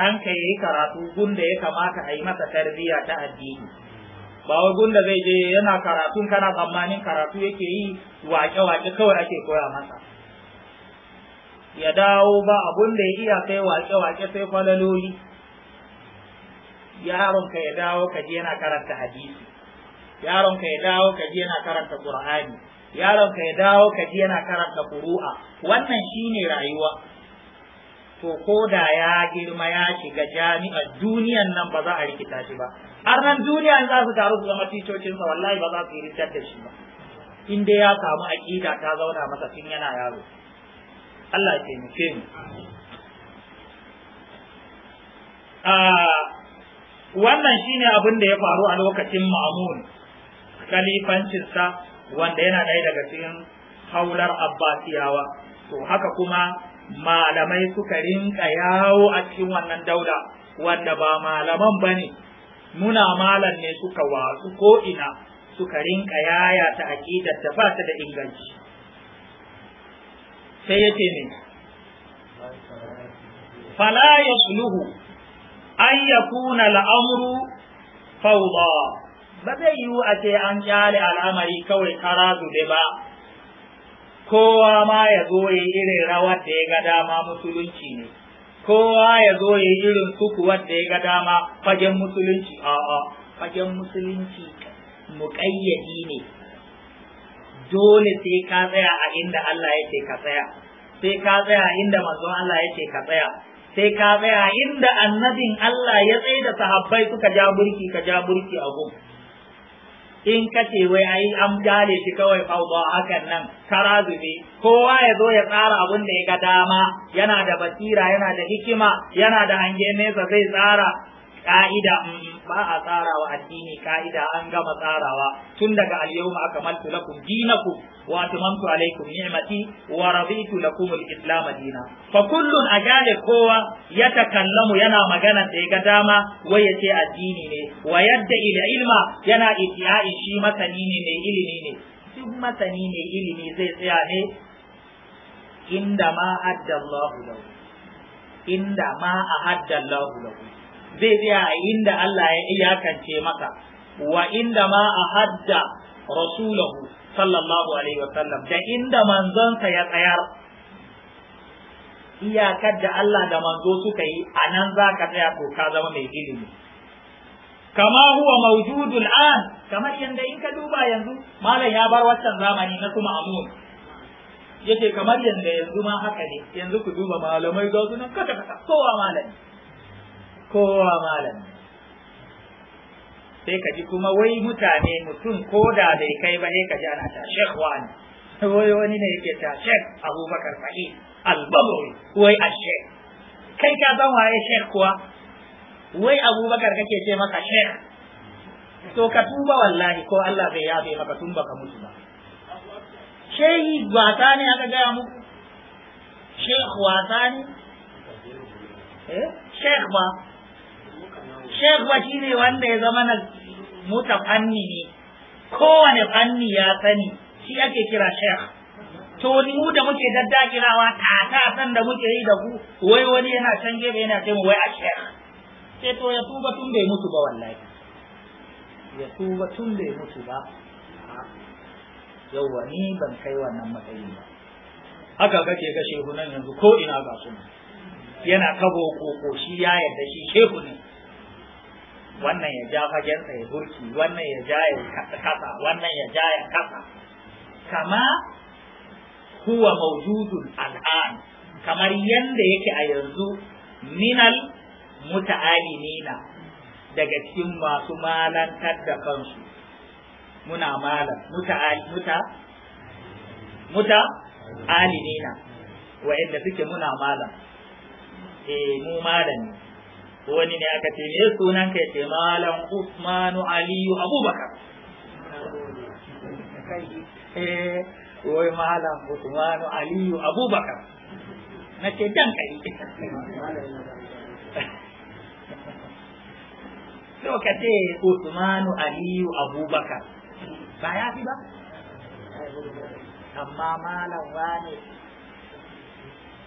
ɗanka ya yi karatu gunda ya kamata a yi masa tarbiyya ta addini ba wai gunda zai je yana karatun kana tsammanin karatu yake yi wake-wake kawai ake koya masa ya dawo ba abun da ya iya sai wake-wake sai kwalaloli yaronka ya dawo ka je yana karanta hadisi yaronka ya dawo ka je yana karanta qur'ani yaronka ya dawo ka je yana karanta qur'a wannan shine rayuwa to ko da ya girma ya shiga jami'ar duniyan nan ba za a rikita shi ba har nan duniyan za su taru su zama ticocinsa wallahi ba za su yi rikitar da shi ba in dai ya samu aƙida ta zauna masa tun yana yaro Allah ya taimake mu ah, wannan shine abin da ya faru a lokacin ma'amun kalifancinsa wanda yana ɗaya daga cikin haular abbasiyawa to haka kuma malamai suka rinka yawo a cikin wannan Dauda, wanda ba malaman ba ne muna malam ne suka wasu ko'ina suka rinka yaya ta aƙidar ta ba da inganci sai yake ne fala ya suluhu an yakuna al'amru fawda ba zai yi a ce an kyale al'amari kawai kara zube ba kowa ma ya zo ya yi irin rawar da ya ga dama musulunci ne kowa ya zo ya yi irin suku wadda ya ga dama fagen musulunci a'a fagen musulunci muƙayyadi ne dole sai ka tsaya a inda Allah ya ce ka tsaya sai ka tsaya a inda manzon Allah ya ce ka tsaya sai ka tsaya inda annabin Allah ya tsaye da sahabbai suka ja burki ka ja burki a gun in ka ce wai ai an gale shi kawai fauda hakan nan kara zube kowa ya zo ya tsara abin da ya ga dama yana da basira yana da hikima yana da hange nesa zai tsara ƙa'ida. ba a tsarawa addini ka'ida an gama tsarawa tun daga al-yawma kun dina ku. wa atmamtu alaykum ni'mati wa raditu lakum al-islam dina fa kullun ajale kowa ya takallamu yana magana da ga dama wai yace addini ne wa yadda ila ilma yana itiya'i shi masani ne mai ilimi ne duk masani ne ilimi zai tsaya ne inda ma adda Allahu lahu inda ma a Allahu lahu zai tsaya a inda Allah ya iyakance maka wa inda ma a hadda rasulahu sallallahu alaihi wasallam da inda manzonsa ya tsayar iyakar da Allah da manzo suka yi a nan za ka tsaya to ka zama mai ilimi kama huwa maujudul an kamar yanda in ka duba yanzu malam ya bar wancan zamani na kuma amun yace kamar yanda yanzu ma haka ne yanzu ku duba malamai za su nan kaka kaka kowa malami kowa malam sai ka ji kuma wai mutane mutum ko da bai kai ba sai ka ji ana ta shek wani wai wani ne yake ta shek abubakar fahim albabawi wai a shek kai ka zan waye shek kuwa wai abubakar kake ce maka shek to ka tuba wallahi ko Allah bai yabe maka tun baka mutu ba shehi gwata ne aka gaya muku shek wasa ne eh? shek ba ba shi ne wanda ya zama na mota fanni ne kowane fanni ya sani shi ake kira sheikh. to ni mu da muke daddakirawa ta san da muke yi da ku wai wani yana can gefe yana ce mu wai a shek sai to ya tuba tun bai mutu ba wallahi ya tuba tun bai mutu ba yau ni ban kai wannan matsayi ba haka kake ga shehu nan yanzu ko ina ga su yana kabo koko shi ya yarda shi shehu ne wannan ya ja fagensa ya burki wannan ya ja ya kasa kasa wannan ya ja ya kasa kama huwa mawjudun al'an kamar yanda yake a yanzu minal muta'alimina daga cikin masu malantar da kansu muna malan muta'al muta muta alimina wa'anda suke muna malan eh mu malami wani ne aka ce me sunan ka ce malam usmanu aliyu abubakar eh wai malam usmanu aliyu abubakar na ce dan kai so ka ce usmanu aliyu abubakar ba ya fi ba amma malam wani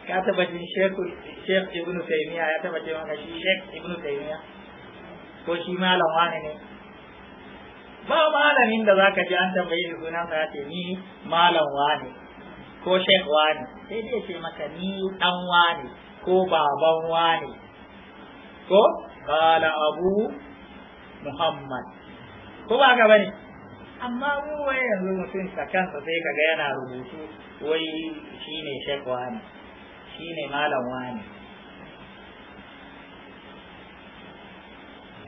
ka taba jin shek ibn taymiya ya taba ce maka shi shek ibn taymiya ko shi malam wani ne ba malamin da zaka ji an tambaye ni sunan sa ce ni malam wani ko shek wani sai dai ce maka ni dan wani ko baban wani ko kala abu muhammad ko ba ka bane amma mu wai yanzu mutum sakansa kansa sai kaga yana rubutu wai shine shek wani shine malam wani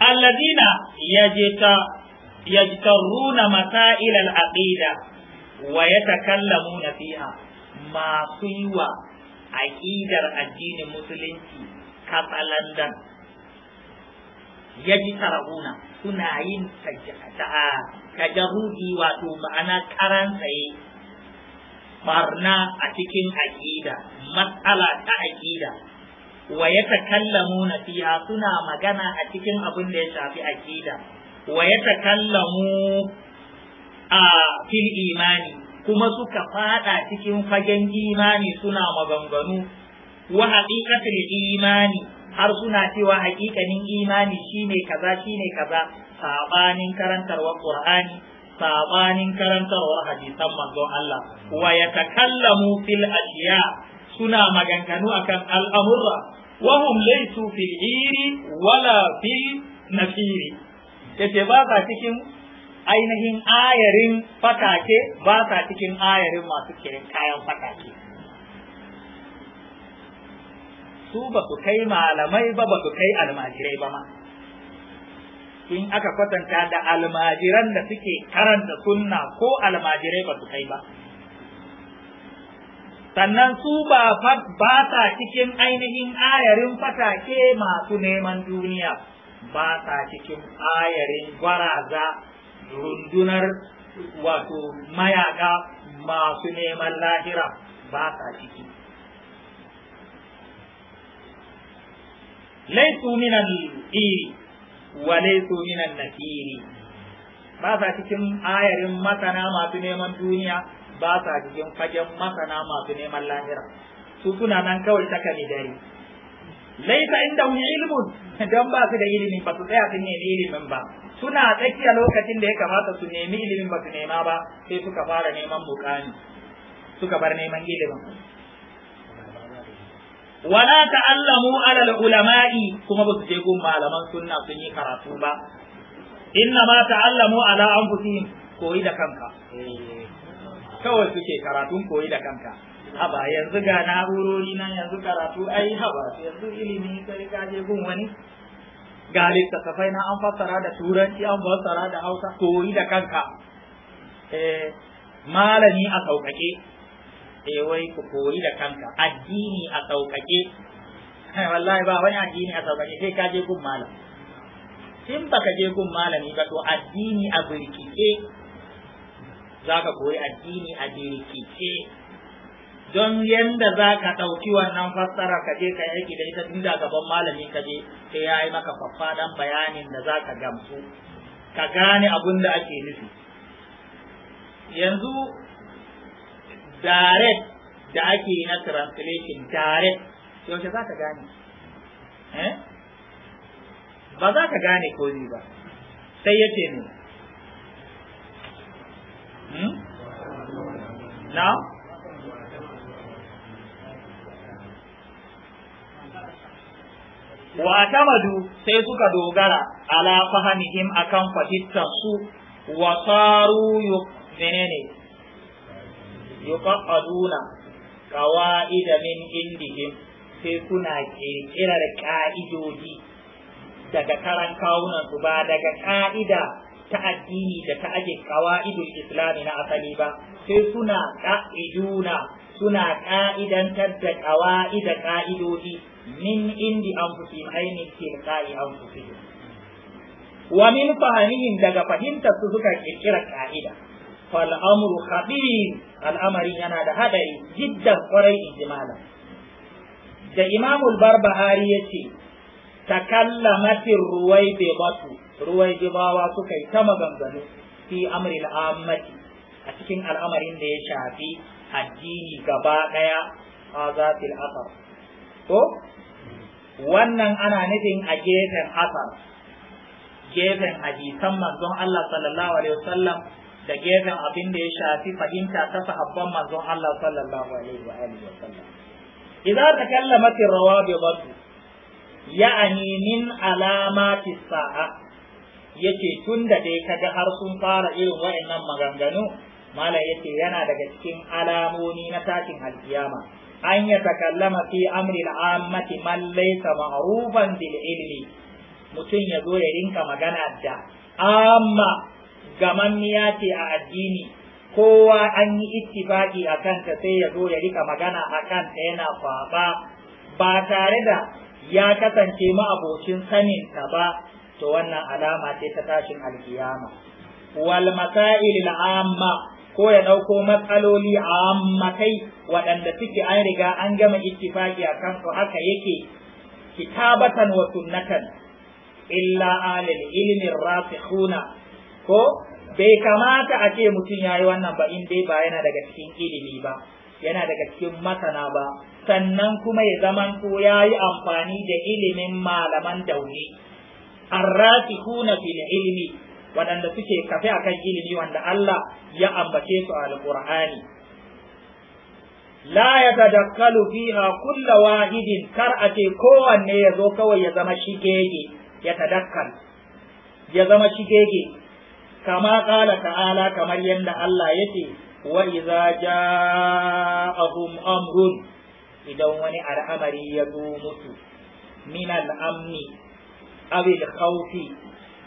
alladina yajitarru yajtaruna masail al-aqida wa yatakallamuna fiha masu yi wa aƙidar addinin musulunci katsalandan ya ji tarahuna suna yin tajarudi wato ma'ana karan tsaye barna a cikin aƙida matsala ta aƙida wa ya takallamu na fiya suna magana a cikin abin da ya shafi aƙida wa ya takallamu a fil imani kuma suka fada cikin fagen imani suna maganganu wa haqiqatul imani har suna cewa haƙiƙanin imani shine kaza shine kaza sabanin karantarwa qur'ani sabanin karantarwar hadisan manzon Allah wa ya takallamu fil ashiya suna maganganu akan al'amurra wa hum laysu fil iri wala fil nafiri yace ba sa cikin ainihin ayarin fatake ba sa cikin ayarin masu kirin kayan fatake su ba su kai malamai ba ba su kai almajirai ba ma in aka kwatanta da almajiran da suke karanta sunna ko almajirai ba su kai ba sannan su ba ba sa cikin ainihin ayarin fatake masu neman duniya ba sa cikin ayarin gwaraza rundunar wato mayaka masu neman lahira ba sa ciki laisu minan iri wa minan nafiri ba sa cikin ayarin masana masu neman duniya ba sa cikin fagen masana masu neman lahira su suna nan kawai ta kami dare laisa inda mu ilmun dan ba su da ilimi ba su tsaya su nemi ilimin ba suna tsakiya lokacin da ya kamata su nemi ilimin ba su nema ba sai suka fara neman bukani suka bar neman ilimin wala ta'allamu alal ulama'i kuma ba su je gun malaman sunna sun yi karatu ba inna ma ta'allamu ala anfusihim koyi da kanka kawai suke karatun koyi da kanka haba yanzu ga na'urori nan yanzu karatu ai haba yanzu ilimi sai ka je gun wani ga littattafai na an fassara da turanci an fassara da hausa koyi da kanka eh malami a sauƙaƙe sai eh, wai ku koyi da kanka addini a sauƙaƙe wallahi ba wani addini a sauƙaƙe sai ka je gun malam in baka je gun malami ba to addini a birkice za ka koyi addini a birkice don yadda za ka ɗauki wannan fassara ka je ka yaki da ita tun da gaban malami ka je sai ya yi maka faffaɗan bayanin da za ka gamsu ka gane abin da ake nufi yanzu direct da ake na translation direct yaushe za ka gane eh? ba za ka gane ko ba sai ya ce ne hmm? na wa tamadu sai suka dogara ala fahimihim akan fahimtar su wa yu menene yuqaduna qawaida min indihim sai suna kirkirar ka'idoji daga karan kawunan su ba daga ka'ida ta addini da ta ake qawaidul islami na asali ba sai suna ka'iduna suna ka'idantar da qawaida ka'idoji min indi anfusihim ainin tilqa'i anfusihim wa min fahimihim daga fahimtar su suka kirkira ka'ida fal'amuru khabir al'amarin yana da haɗari jiddan kwarai ijmala da imamul barbahari ya ce takallamatin ruwai bebatu ruwai bebawa suka yi ta maganganu fi amril ammati a cikin al'amarin da ya shafi addini gaba a azatil asar ko wannan ana nufin a gefen asar gefen hadisan manzon Allah sallallahu alaihi wasallam da gefen abin da ya shafi fahimta ta sahabban manzon Allah sallallahu alaihi wa alihi wasallam idza takallamat ar-rawabidat ya'ani min alamati sa'a yace tunda dai kaga har sun fara irin wayannan maganganu mala yace yana daga cikin alamomi na tashin alkiyama an ya takallama fi amri al-ammati man laysa ma'rufan bil ilmi mutum ya zo ya rinka magana da amma gamammiya ce a addini kowa an yi ittifaki a kanta sai ya zo ya rika magana a kanta yana faɓa. ba tare da ya kasance ma'abocin sanin ta ba to wannan alama ce ta tashin alkiyama wal masail amma ko ya ɗauko matsaloli kai waɗanda suke an riga an gama ittifaki a kansu haka yake kitabatan wa sunnatan illa alil ilmin rasikhuna ko bai kamata a ce mutum ya yi wannan ba in dai ba yana daga cikin ilimi ba yana daga cikin masana ba sannan kuma ya zaman ko ya yi amfani da ilimin malaman dauni kuna fil ilimi waɗanda suke kafe akan ilimi wanda Allah ya ambace su a alqur'ani la tadakkalu fiha kulla wahidin kar a ce kowanne ya zo kawai ya zama shigege ya tadakkal ya zama shigege kama ƙala ta'ala kamar yadda Allah yake wa ja ja'ahum amrun idan wani al'amari ya zo musu min al'amni amni al-khawfi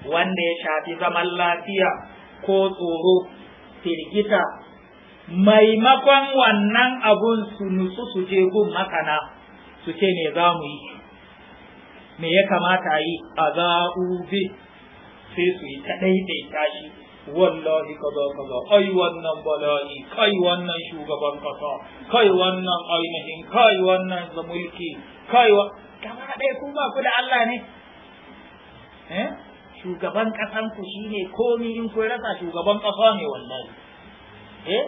wanda ya shafi zaman lafiya ko tsoro firgita maimakon wannan abun su nutsu su je gun makana su ce me za mu yi me ya kamata a yi a bi? sai su yi ta ɗaiɗaita shi wallahi kaza kaza kai wannan bala'i kai wannan shugaban kasa kai wannan ainihin kai wannan zamulki kai wa gaba ɗaya kun ba ku da Allah ne eh shugaban kasan ku shine komi in ku rasa shugaban kasa ne wallahi eh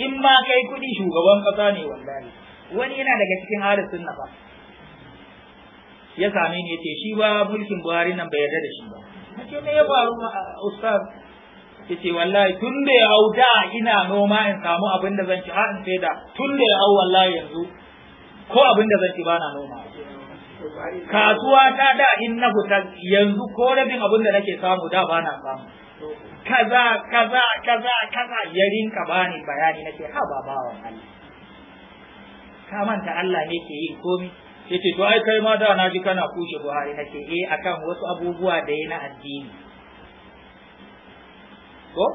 in ma kai kudi shugaban kasa ne wallahi wani yana daga cikin harisun na ba ya same ni yace shi ba mulkin Buhari nan bai yarda da shi ba nake me ya faru uh, ustaz yace wallahi tun da ya hau da ina noma in samu abin da zan ci har in saida tun da ya hau wallahi yanzu ko abin da zan ci bana noma kasuwa ta da in na fita yanzu ko rabin abin da nake samu da bana samu kaza kaza kaza kaza ya rinka bani bayani nake ha babawa Allah ka manta Allah ne ke yin komai yace to ai kai ma da na ji kana kushe Buhari nake eh akan wasu abubuwa da yana addini ko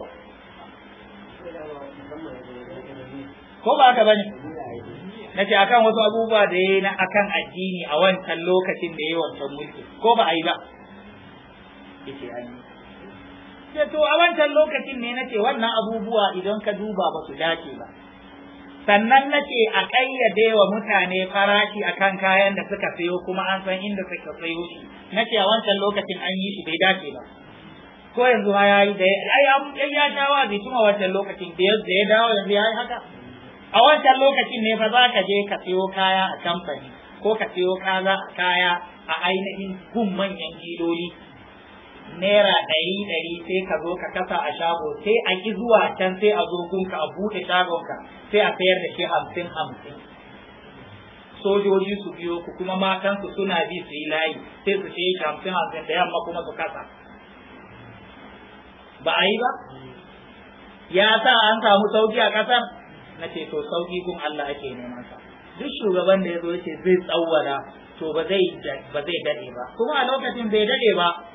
ko ba ka bane nake akan wasu abubuwa da yana akan addini a wancan lokacin da yayi wancan mulki ko ba ai ba yace ai ce to a wancan lokacin ne nake wannan abubuwa idan ka duba ba su dace ba sannan na ce a ƙayyade wa mutane farashi akan kayan da suka sayo kuma an san inda suka sayo shi na ce a wancan lokacin an yi shi bai dace ba ko yanzu ma ya yi da ai ya sha wazi tuma wancan lokacin da ya dawo yanzu ya yi haka a wancan lokacin ne fa za ka je ka sayo kaya a kamfani ko ka sayo kaya a ainihin gun manyan gidoli naira ɗari ɗari sai ka zo ka kasa a shago sai a ƙi zuwa can sai a zo gunka a buɗe shagonka sai a sayar da shi hamsin hamsin sojoji su biyo ku kuma matansu suna bi su yi layi sai su ce hamsin hamsin da yamma kuma su kasa ba a yi ba ya sa an samu sauki a ƙasar na ce to sauki kun Allah ake neman sa duk shugaban da ya zo ya ce zai tsawwala to ba zai daɗe ba kuma a lokacin bai daɗe ba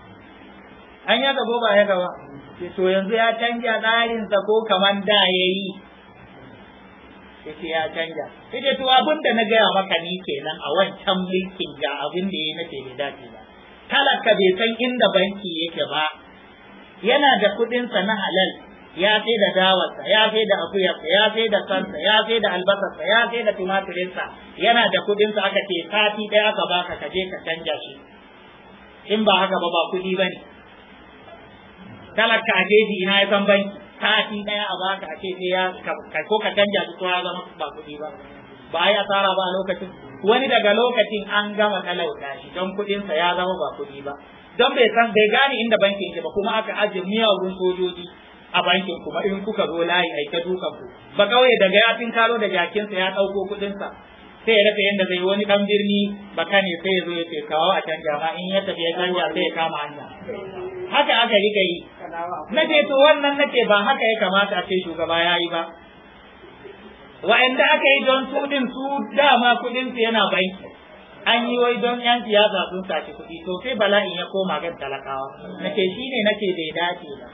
an ya ko ba ya ba to yanzu ya canja tsarinsa ko kaman da ya yi ya canja yace to abin da na gaya maka ni kenan a wancan mulkin ga abin da ya nace da dace ba talaka bai san inda banki yake ba yana da kuɗinsa na halal ya sai da dawarsa ya sai da akuyarsa ya sai da kansa ya sai da albasarsa ya sai da tumatirinsa yana da kuɗinsa aka ce sati ɗaya aka baka ka je ka canja shi in ba haka ba ba kuɗi ba ne talaka a jeji ina ya san banki sati daya a baka a ce sai ya ko ka canja su ya zama ba kuɗi ba ba ya tsara ba a lokacin wani daga lokacin an gama talauta shi don kuɗinsa ya zama ba kuɗi ba don bai san bai gane inda bankin yake ba kuma aka ajiye miyagun sojoji a bankin kuma in kuka zo layi ai ta dukan ku ba kawai daga ya fin kalo da jakinsa ya ɗauko kuɗinsa sai ya rasa yadda zai wani ɗan birni baka ne sai ya zo ya ce kawo a canja ba. in ya tafi ya canja sai ya kama hanya haka aka rika yi na ce to wannan na ce ba haka ya kamata a ce shugaba ya yi ba wa'anda aka yi don su din su dama kudin su yana banki an yi wai don yan siyasa sun saci kuɗi to sai bala'in ya koma ga talakawa nake shine nake bai dace ba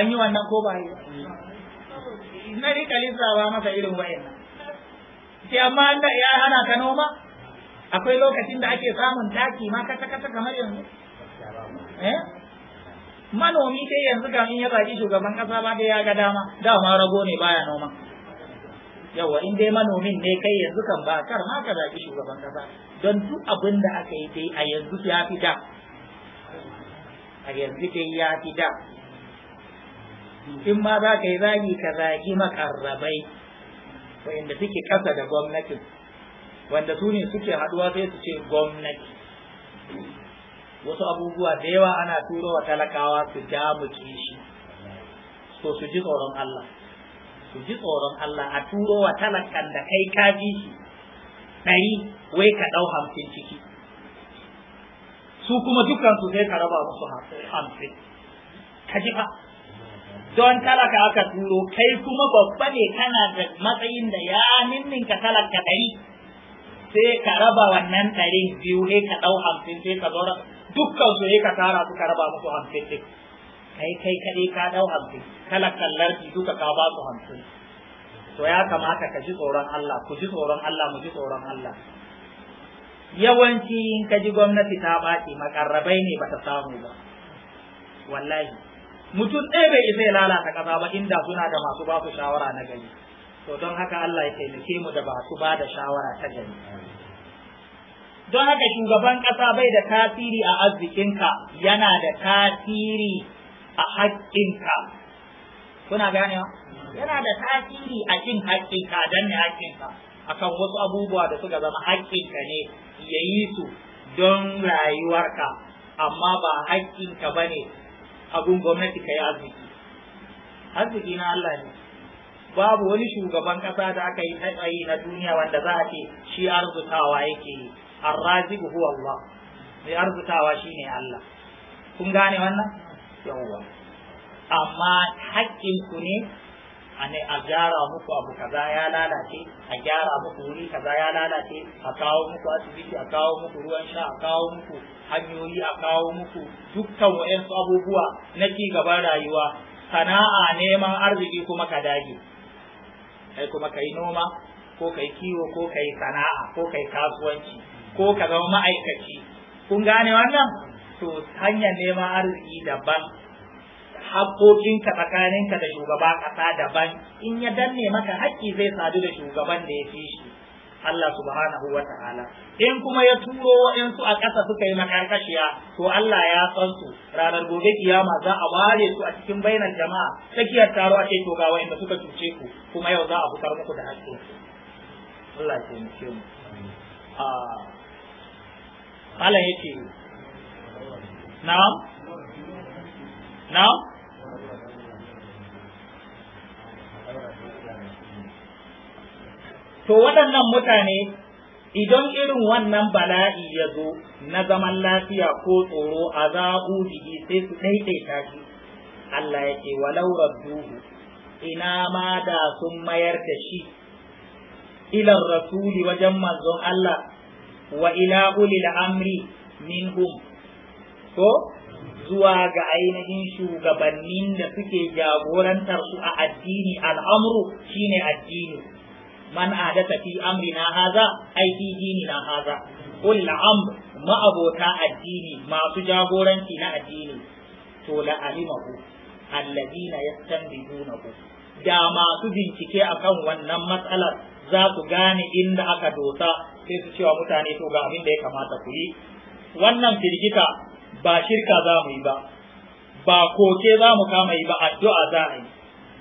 an yi wannan ko ba yi na rika lissawa masa irin wa'annan sai amma da ya hana ka noma akwai lokacin da ake samun taki ma kasa-kasa kamar yanzu eh manomi sai yanzu ga in ya zaki shugaban kasa ba da ya ga dama dama rago ne baya noma yawa in dai manomin ne kai yanzu kan ba kar ma ka zaki shugaban kasa don duk abin da aka yi dai a yanzu ya fi a yanzu dai ya fi in ma za ka yi zagi ka zagi makarrabai wanda suke kasa da gwamnatin wanda su ne suke haduwa sai su ce gwamnati wasu abubuwa da yawa ana turo wa talakawa su ja mu kishi, to su ji tsoron Allah su ji tsoron Allah a turo wa talakan da kai ka ji shi ɗari wai ka ɗau hamsin ciki su kuma su sai ka raba musu hamsin ka ji fa don talaka aka turo kai kuma babba ne kana da matsayin da ya ninninka talaka ɗari sai ka raba wannan ɗarin biyu sai ka ɗau hamsin sai ka zo dukkan su ka tara su ka raba musu hamsin ɗin kai kai kaɗai ka ɗau hamsin kallar ki duka ka ba su hamsin to ya kamata ka ji tsoron Allah ku ji tsoron Allah mu ji tsoron Allah yawanci in ka ji gwamnati ta ɓaci makarrabai ne ba ta samu ba wallahi mutum ɗaya bai isa ya lalata ƙasa ba inda suna da masu ba su shawara na gani. to don haka Allah ya taimake mu da ba su ba da shawara ta gani. don haka shugaban ƙasa bai da tasiri a arzikinka yana da tasiri a haƙƙinka kuna gane yana da tasiri a cin haƙƙinka don ne haƙƙinka akan wasu abubuwa da suka zama haƙƙinka ne ya yi su don rayuwarka amma ba haƙƙinka ba ne abun gwamnati ka yi arziki arziki na Allah ne babu wani shugaban ƙasa da aka yi tsayi na duniya wanda za a ce shi arzikawa yake yi arraziqu huwa Allah mai arzutawa shine Allah kun gane wannan yawwa amma haƙƙin ku ne ane a gyara muku abu kaza ya lalace a gyara muku wuri kaza ya lalace a kawo muku asibiti a kawo muku ruwan sha a kawo muku hanyoyi a kawo muku dukkan wayansu abubuwa na ci gaban rayuwa sana'a neman arziki kuma ka dage kai kuma kai noma ko kai kiwo ko kai sana'a ko kai kasuwanci ko ka zama ma'aikaci kun gane wannan to hanyar neman arziki daban haƙoƙinka tsakaninka da shugaba ƙasa daban in ya danne maka haƙƙi zai sadu da shugaban da ya fi shi Allah subhanahu wa ta'ala in kuma ya turo su a ƙasa suka yi makarkashiya to Allah ya san su ranar gobe kiyama za a ware su a cikin bainar jama'a tsakiyar taro a ce to ga suka cuce ku kuma yau za a fitar muku da hakkin Allah ya taimake mu ah. ya ce. Na? Na? to waɗannan mutane idan irin wannan bala'i ya zo na zaman lafiya ko tsoro a za'u bihi sai su ɗaiɗaita shi Allah ya ce walau duhu ina ma da sun mayar da shi ilan rasuli wajen manzon Allah wa ila ulil amri minhum ko zuwa ga ainihin shugabannin da suke jagorantar su a addini al'amru shine addini man adata fi na haza ai fi na haza ulil amr ma'abota addini masu jagoranci na addini to la alimahu alladina yastanbidunahu da masu bincike akan wannan matsalar za ku gane inda aka dosa sai su cewa mutane to ga abin da ya kamata ku yi wannan firgita ba shirka za mu yi ba ba koke za mu kama yi ba addu'a za a yi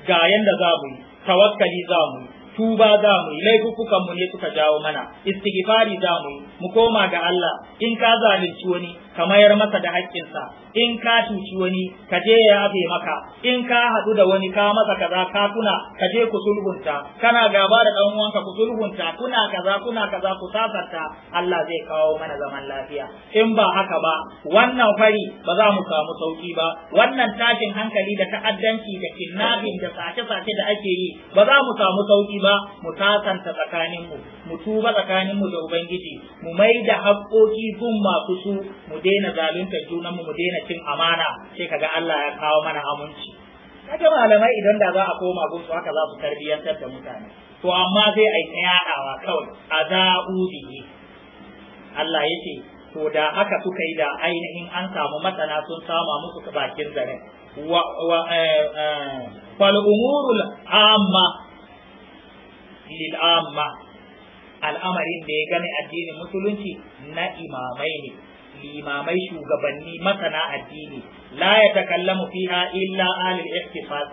ga yanda za mu yi tawakkali za mu yi tuba za mu yi laifukan mu ne suka jawo mana istighfari za mu yi mu koma ga Allah in ka zalunci wani ka mayar masa da haƙƙinsa in ka cuci wani ka je ya yafe maka in ka haɗu da wani ka masa kaza ka kuna ka je ku sulhunta kana gaba da ɗan uwanka ku sulhunta kuna kaza kuna kaza ku sasanta Allah zai kawo mana zaman lafiya in ba haka ba wannan fari ba za mu samu sauki ba wannan tashin hankali da ta'addanci da kinnabin da sace-sace da ake yi ba za mu samu sauki ba mu sasanta tsakanin mu mu tuba tsakanin mu da ubangiji mu mai da haƙoƙi gun masu su mu daina zalunta junanmu mu daina cin amana sai kaga Allah ya kawo mana aminci kaga malamai idan da za a koma gun su haka za su tarbiyyantar da mutane to amma zai ai ta kawai a za'u bihi Allah yake to da haka suka yi da ainihin an samu matsala sun sama musu bakin zare wa wa eh, eh, fal umurul amma lil al'amarin da ya gani addinin musulunci na imamai ne limamai shugabanni masana addini la ya takallamu fiha illa alil ihtifaz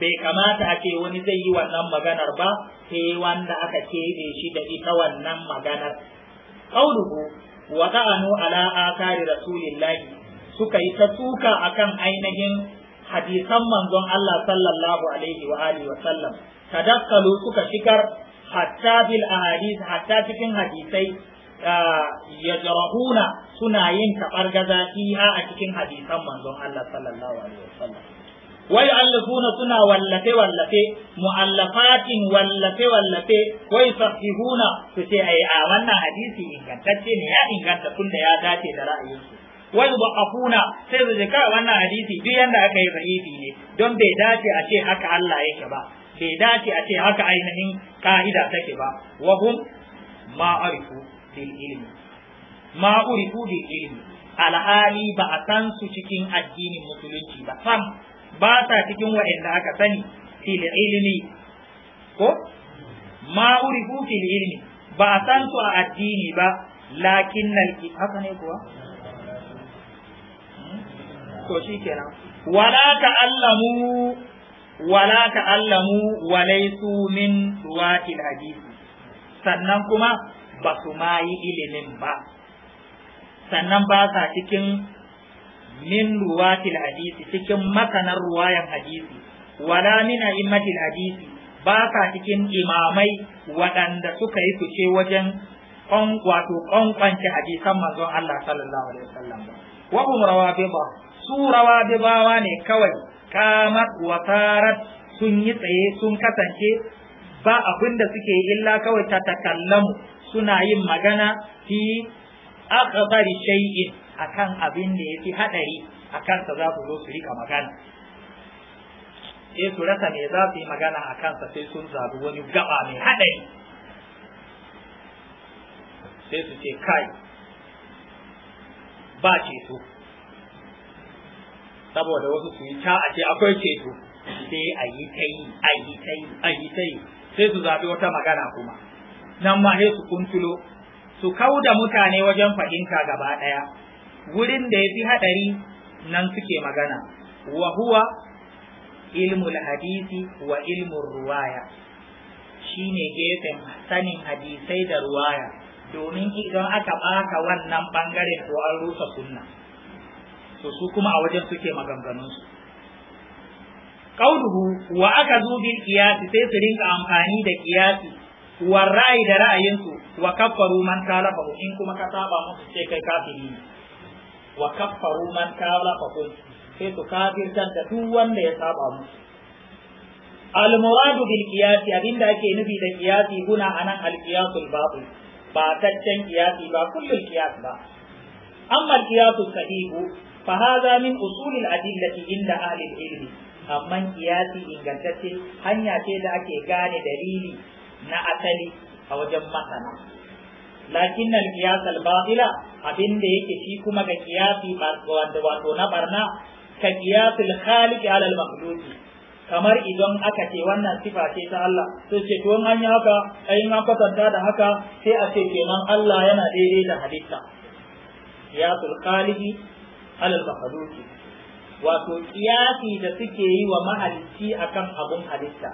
bai kamata a ce wani zai yi wannan maganar ba sai wanda aka keɓe shi da ita wannan maganar qauluhu wa ta'anu ala akari rasulillahi suka yi ta tuka akan ainihin hadisan manzon Allah sallallahu alaihi wa alihi wa sallam tadakkalu suka shigar hatta fil ahadith hatta cikin hadisai ya yajrahuna suna yin gaza fiha a cikin hadisan manzon Allah sallallahu alaihi wasallam wai allafuna suna wallafe wallafe mu'allafatin wallafe wallafe wai sahihuna su ce ai a wannan hadisi ingantacce ne ya inganta tunda ya dace da ra'ayinsu wai ba'afuna sai su ce kai wannan hadisi duk yanda aka yi sahihi ne don bai dace a ce haka Allah yake ba bai dace a ce haka ainihin ka'ida take ba hum ma arifu bil ilmi ma arifu bil ilmi alhali ba a san su cikin addinin musulunci ba sam ba sa cikin wa'anda aka sani fil ilmi ko ma arifu fil ilmi ba a san su a addini ba lakin haka ne kuwa hmm? to shikenan wala ta'allamu wala ta'allamu wa laysu min ruwatil hadisi sannan kuma ba su ma yi ilimin ba sannan ba sa cikin min ruwatil hadisi cikin makanar ruwayan hadisi wala min a'immatil hadisi ba sa cikin imamai waɗanda suka yi fice wajen wato ƙwanƙwance hadisan manzon Allah sallallahu alaihi wasallam wa bi ba su bawa ne kawai Kamar wa tarat sun yi tsaye sun kasance ba abin da suke illa kawai ta takallamu suna yin magana fi akhdari shay'in akan abin da yake hadari akan sa za su zo su rika magana sai su rasa me za su yi magana a kansa sai sun zabi wani gaba mai haɗari sai su ce kai ba ce su saboda wasu su yi ta a ce akwai ceto sai a yi ta yi a yi ta yi a yi ta yi sai su zaɓi wata magana kuma nan ma sai su kuntulo su kau da mutane wajen fahimta gaba ɗaya wurin da ya fi haɗari nan suke magana wa huwa ilmul hadisi wa ilmul ruwaya shine gefen sanin hadisai da ruwaya domin idan aka baka wannan ɓangaren to an rusa sunna to su kuma a wajen suke maganganunsu kauduhu wa aka zo bil qiyasi sai su rinka amfani da qiyasi wa ra'ayi da ra'ayinsu wa kaffaru man kalafahu in kuma ka saba musu sai kai kafiri ne wa kaffaru man kalafahu sai su kafirtan da duk wanda ya saba musu al-muradu bil qiyasi abinda ake nufi da qiyasi guna anan al-qiyasul batil ba taccen kiyasi ba kullul kiyas ba amma al sahihu fa hadha min usul al-adillati inda ahli al amma kiyasi ingantacce hanya ce da ake gane dalili na asali a wajen masana lakin al qiyas al batila abinda yake shi kuma ga kiyasi wato na barna ka qiyas al khaliq al kamar idan aka ce wannan sifa ce ta Allah to ce to an yi haka ai an kwatanta da haka sai a ce kenan Allah yana daidai da halitta qiyasul khaliqi alal wato kiyasi da suke yi wa mahalicci akan abun halitta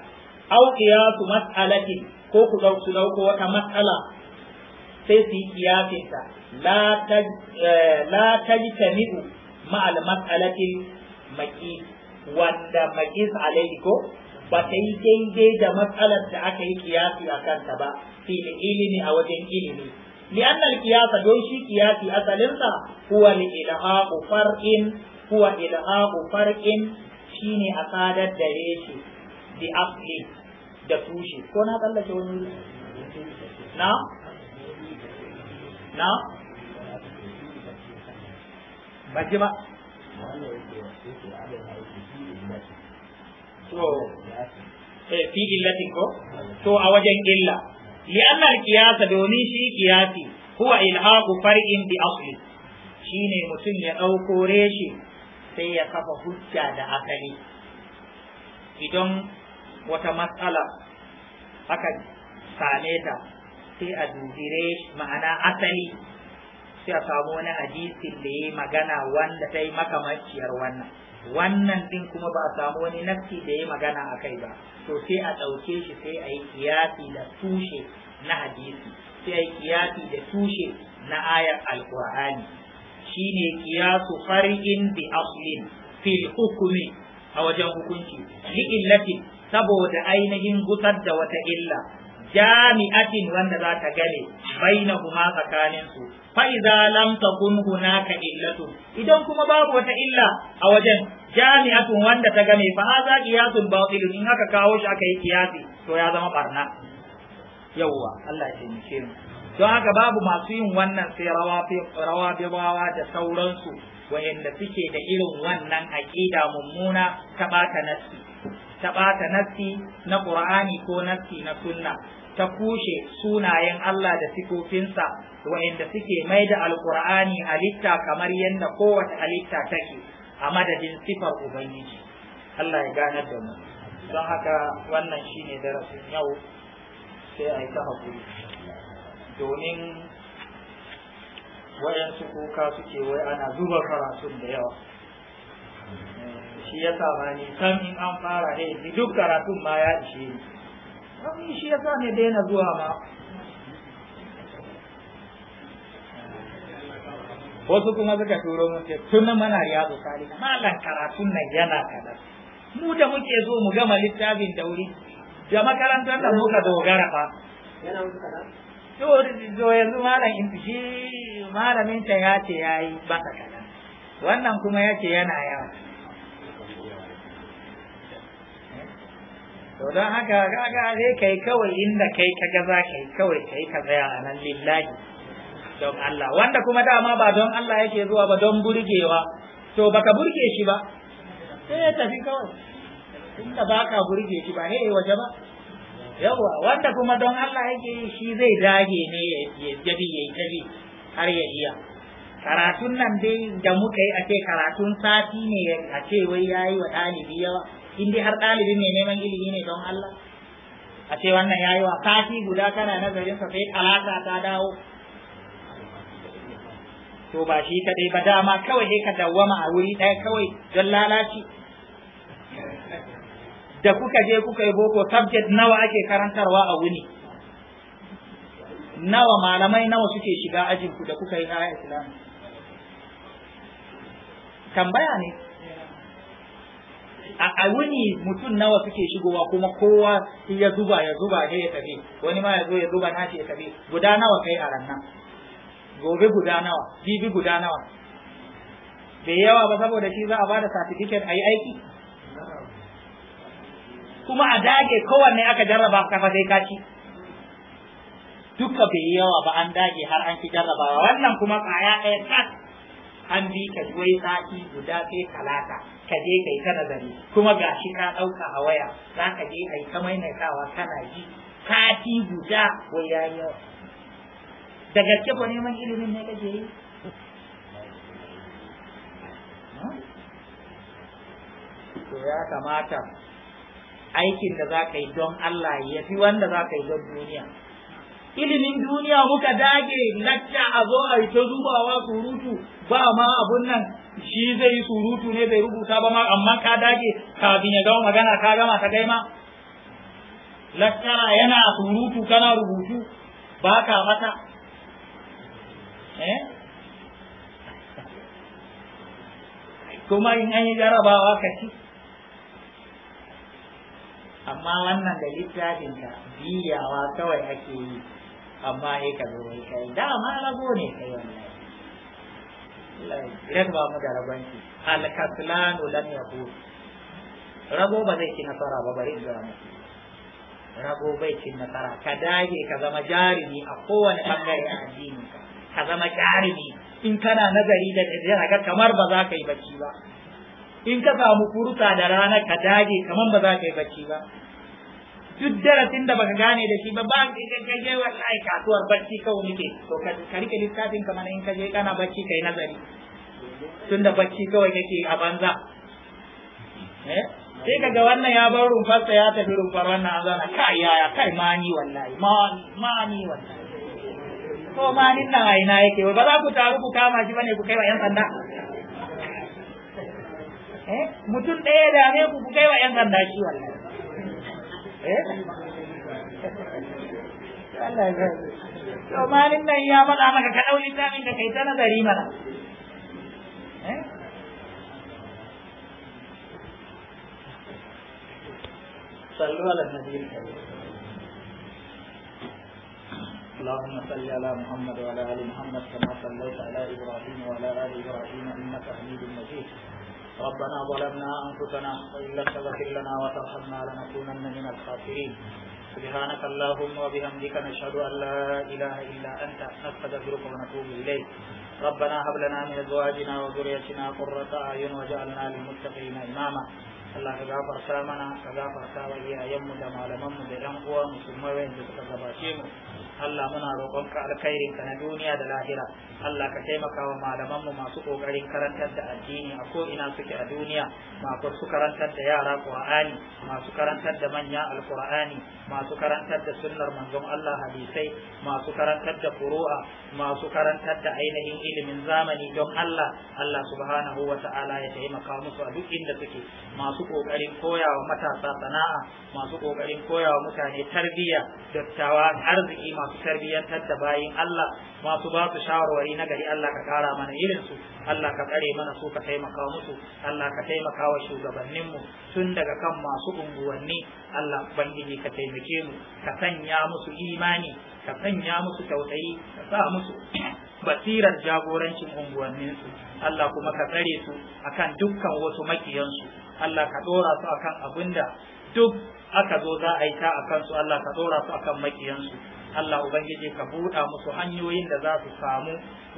au kiyasu mas'alati ko ku dauki dauko wata mas'ala sai su yi la ta eh, la tajtanibu ma'al mas'alati maki wanda maqis alaihi ko ba ta yi daidai da matsalar da aka yi kiyasi a kanta ba fi ilimi a wajen ilimi لأن القياس يوشي قياسي أسلنسا هو لإلهاء فرق هو إلهاء فرق شيني أسادة دريشي بأصلي دتوشي كون هذا اللي نعم نعم بجمع so to fi illatin ko to a wajen illa Li'anar kiyasa domin shi qiyasi huwa ilhaqu far'in bi shine mutum ya ɗauko reshe sai ya kafa hujja da asali idan wata matsala aka same ta sai a dubire ma'ana asali sai a samu wani hadisin da ya magana wanda ta yi makamanciyar wannan wannan din kuma ba a samu wani nafsi da ya magana a kai ba to sai a ɗauke shi sai a yi kiyasi da tushe na hadisi sai a yi kiyasi da tushe na ayar alkur'ani shine kiyasu far'in bi aslin fil hukumi a wajen hukunci li illatin saboda ainihin gusar da wata illa jami'atin wanda za ta gane bainahuma tsakaninsu fa'iza lam takun hunaka illatu idan kuma babu wata illa a wajen jami'atun wanda ta game fa haza qiyasul batil in haka kawo shi aka yi qiyasi to ya zama barna yawwa Allah ya taimake mu don haka babu masu yin wannan sai rawa rawa da sauransu wayanda suke da irin wannan aqida mummuna ta bata nafsi ta bata nafsi na qur'ani ko nafsi na sunna ta kushe sunayen Allah da sifofinsa wa'inda suke mai da alkur'ani halitta kamar yadda kowace halitta take a madadin sifar ubangiji Allah ya ganar da mu don haka wannan shine darasin yau sai a yi ta haƙuri domin wayansu kuka suke wai ana zuba karatun da yawa eh, shi ya sa ni san in an fara eh, ne duk karatun ma ya ishe ni shi yasa ne daina zuwa ba wasu kuma suka turo mu ce tun mana riyadu salih malan karatun nan yana kada mu da muke zo mu gama littafin da wuri da makarantar da muka dogara fa yana muka to yanzu malam in shi malamin ta ya ce yayi ba kada wannan kuma ya ce yana yawa to don haka kaga sai kai kawai inda kai ka gaza kai kawai kai ka tsaya a nan lillahi don Allah wanda kuma dama ba don Allah yake zuwa ba don burgewa to baka burge shi ba sai ya tafi kawai ba baka burge shi ba hey waje ba yawa wanda kuma don Allah yake shi zai dage ne ya jabi ya jabi har ya iya karatun nan dai da muka yi a ce karatun sati ne a ce wai ya yi wa ɗalibi yawa Indi har ɗalibin mai neman ilimi ne don Allah a ce wannan yayi wa sati guda kana nazarin sa sai alaka ta dawo to ba shi kadai ba dama kawai sai ka dawwama a wuri ɗaya kawai don lalaci da kuka je kuka yi boko subject nawa ake karantarwa a wuni nawa malamai nawa suke shiga ajinku da kuka yi na islam tambaya ne a wuni mutum nawa suke shigowa kuma kowa shi ya zuba ya zuba sai ya tafi wani ma ya zo ya zuba nashi ya tafi guda nawa kai a ranna? gobe guda nawa Bibi guda nawa bai yawa ba saboda shi za a bada certificate a yi aiki kuma a dage kowanne aka jarraba kafa sai kaci duka bai yawa ba an dage har an fi jarrabawa wannan kuma kaya ɗaya an bi ka wai sa'i guda sai talata ka je kai ta nazari kuma ga shi ka ɗauka a waya za ka je kai ta maimaitawa kana ji sati guda wai ya yi yawa da gaske ko neman ilimin ne kake yi to ya kamata aikin da za ka yi don Allah ya fi wanda za ka yi don duniya ilimin duniya muka dage lacca a zo a yi ta zubawa surutu ba ma abun nan shi zai yi surutu ne bai rubuta ba ma amma ka dage kafin ya gama magana ka gama ta gaima lakkara yana surutu kana rubutu ba ka mata eh kuma in an yi jarabawa ka ci amma wannan da littafinka biyawa kawai ake yi amma ai ka zo wai kai dama rago ne kai wallahi ran ba mu da rabanci alkaslanu lam yaqul rago ba zai ci nasara ba bari in mu rago bai ci nasara ka dage ka zama jarumi a kowane bangare a addinin ka ka zama jarumi in kana nazari da tajira ga kamar ba za ka yi bacci ba in ka samu furuta da rana ka dage kamar ba za ka yi bacci ba duk darasin da baka gane da shi ba ba ka je wallahi kasuwar bacci kawai muke to ka rike littafin kamar in ka je kana bacci kai nazari tunda bacci kawai kake a banza eh sai ka ga wannan ya bar rumfarsa ya tafi rumfar wannan azana zana kai yaya kai mani wallahi mani wallahi ko mani nan a ina yake ba za ku taru ku kama shi bane ku kai wa yan sanda eh mutum ɗaya da ne ku ku kai wa yan sanda shi wallahi to malin ya faɗa maka kaɗau littafin da kai ta nazari mana sallu ala nabiyyi اللهم صل على محمد وعلى ال محمد كما صليت على ابراهيم وعلى ال ابراهيم انك حميد مجيد ربنا ظلمنا أنفسنا وإن لم تغفر لنا وترحمنا لنكونن من الخاسرين سبحانك اللهم وبحمدك نشهد أن لا إله إلا أنت نستغفرك ونتوب إليك ربنا هب لنا من أزواجنا وذريتنا قرة أعين وجعلنا للمتقين إماما الله ka gafarta كذا ka gafarta يم iyayenmu da من da 'yan uwa musulmai Allah muna roƙonka alkhairin ka na duniya da lahira Allah ka taimaka wa malaman mu masu kokarin karantar da addini a ko ina suke a duniya masu karantar da yara Qur'ani masu karantar da manya alqur'ani masu karantar da sunnar manzon Allah hadisai masu karantar da furu'a masu karantar da ainihin ilimin zamani don Allah Allah subhanahu wa ta'ala ya taimaka musu a duk inda suke masu kokarin koyawa matasa sana'a masu kokarin koyawa mutane tarbiyya dattawa arziki masu masu tarbiyyantar da bayin Allah masu ba su shawarwari na gari Allah ka kara mana irin su Allah ka tsare mana su ka taimaka musu Allah ka taimaka wa shugabannin mu tun daga kan masu unguwanni Allah ubangiji ka taimake mu ka sanya musu imani ka sanya musu tausayi ka sa musu basirar jagorancin unguwanninsu Allah kuma ka tsare su akan dukkan wasu makiyansu Allah ka dora su akan abinda duk aka zo za a yi ta akan su Allah ka dora su akan makiyansu Allah Ubangiji ka buɗa musu hanyoyin da za su samu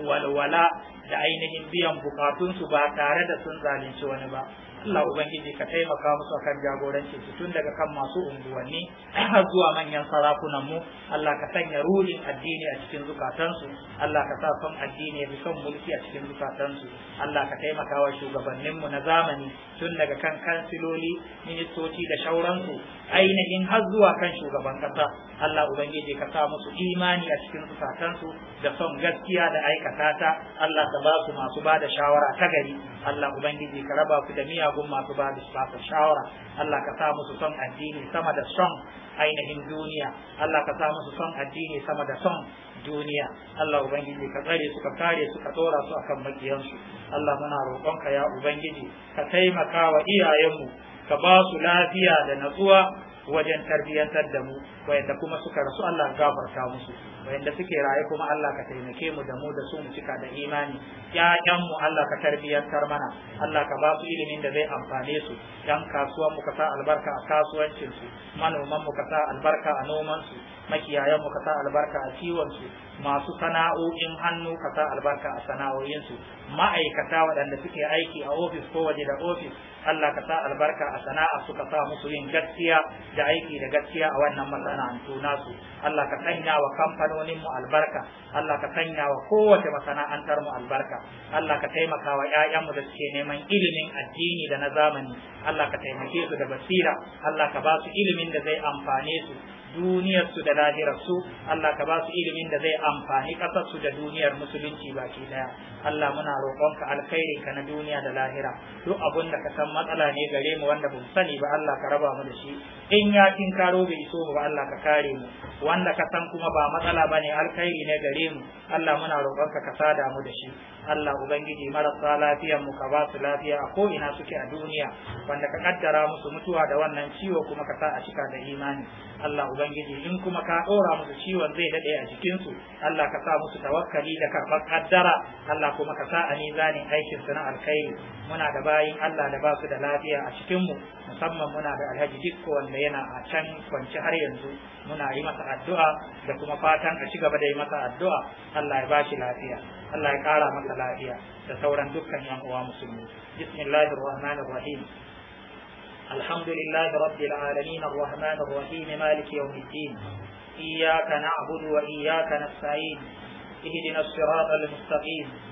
walwala da ainihin biyan bukatunsu ba tare da sun zalunci wani ba. Allah Ubangiji ka taimaka musu akan jagoranci su tun daga kan masu unguwanni har zuwa manyan sarakunan mu Allah ka sanya ruhin addini a cikin zukatansu Allah ka sa son addini ya fi son mulki a cikin zukatansu Allah ka taimaka wa shugabanninmu na zamani tun daga kan kansiloli ministoci da shauransu ainihin har zuwa kan shugaban kasa Allah ubangiji ka sa musu imani a cikin zukatansu da son gaskiya da aikata ta Allah ta ba su masu ba da shawara ta gari Allah ubangiji ka raba ku da miyagun masu ba da shawara Allah ka sa musu son addini sama da son ainihin duniya Allah ka sa musu son addini sama da son duniya Allah ubangiji ka tsare su ka kare su ka tsora su akan makiyansu Allah muna roƙonka ya ubangiji ka taimaka wa iyayenmu ka ba su lafiya da natsuwa wajen tarbiyyantar da mu wayanda kuma suka rasu Allah ka gafarta musu wayanda suke raye kuma Allah ka taimake mu da mu da su mu cika da imani Ya'yanmu mu Allah ka tarbiyyantar mana Allah ka ba su ilimin da zai amfane su yan kasuwan mu ka sa albarka a kasuwancin su manoman mu ka sa albarka a noman su makiyayan mu ka sa albarka a kiwon su masu sana'o'in hannu ka sa albarka a sana'o'insu ma'aikata waɗanda suke aiki a ofis ko waje da ofis Allah ka sa albarka a sana'a suka sa musu yin gaskiya da aiki da gaskiya a wannan matsala masana'antu nasu Allah ka sanya wa kamfanonin mu albarka Allah ka sanya wa kowace masana'antar mu albarka Allah ka taimaka wa ƴaƴan mu da suke neman ilimin addini da na zamani Allah ka taimake su da basira Allah ka ba su ilimin da zai amfane su duniyar su da lahirar su Allah ka ba su ilimin da zai amfani kasar su da duniyar musulunci baki daya Allah muna roƙonka alkhairin ka na duniya da lahira duk abun da ka san matsala ne gare mu wanda mun sani ba Allah ka raba mu da shi in ya kin karo bai iso ba Allah ka kare mu wanda ka san kuma ba matsala bane alkhairi ne gare mu Allah muna roƙonka ka sada mu da shi Allah Ubangiji marasa lafiyan mu ka ba su lafiya a ko ina suke a duniya wanda ka kaddara musu mutuwa da wannan ciwo kuma ka sa a cika da imani Allah Ubangiji in kuma ka ɗora musu ciwon zai daɗe a jikinsu Allah ka sa musu tawakkali da karɓar kaddara Allah kuma ka sa a nizanin aikinsu na alkhairi muna da bayin Allah da ba su da lafiya a cikinmu musamman muna da alhaji dukko wanda yana a can kwanci har yanzu muna yi masa addu'a da kuma fatan a ci gaba da yi masa addu'a Allah ya ba shi lafiya Allah ya kara masa lafiya da sauran dukkan yan uwa musulmi bismillahir rahmanir rahim alhamdulillahi رب العالمين الرحمن الرحيم maliki يوم الدين إياك wa وإياك نستعين اهدنا الصراط المستقيم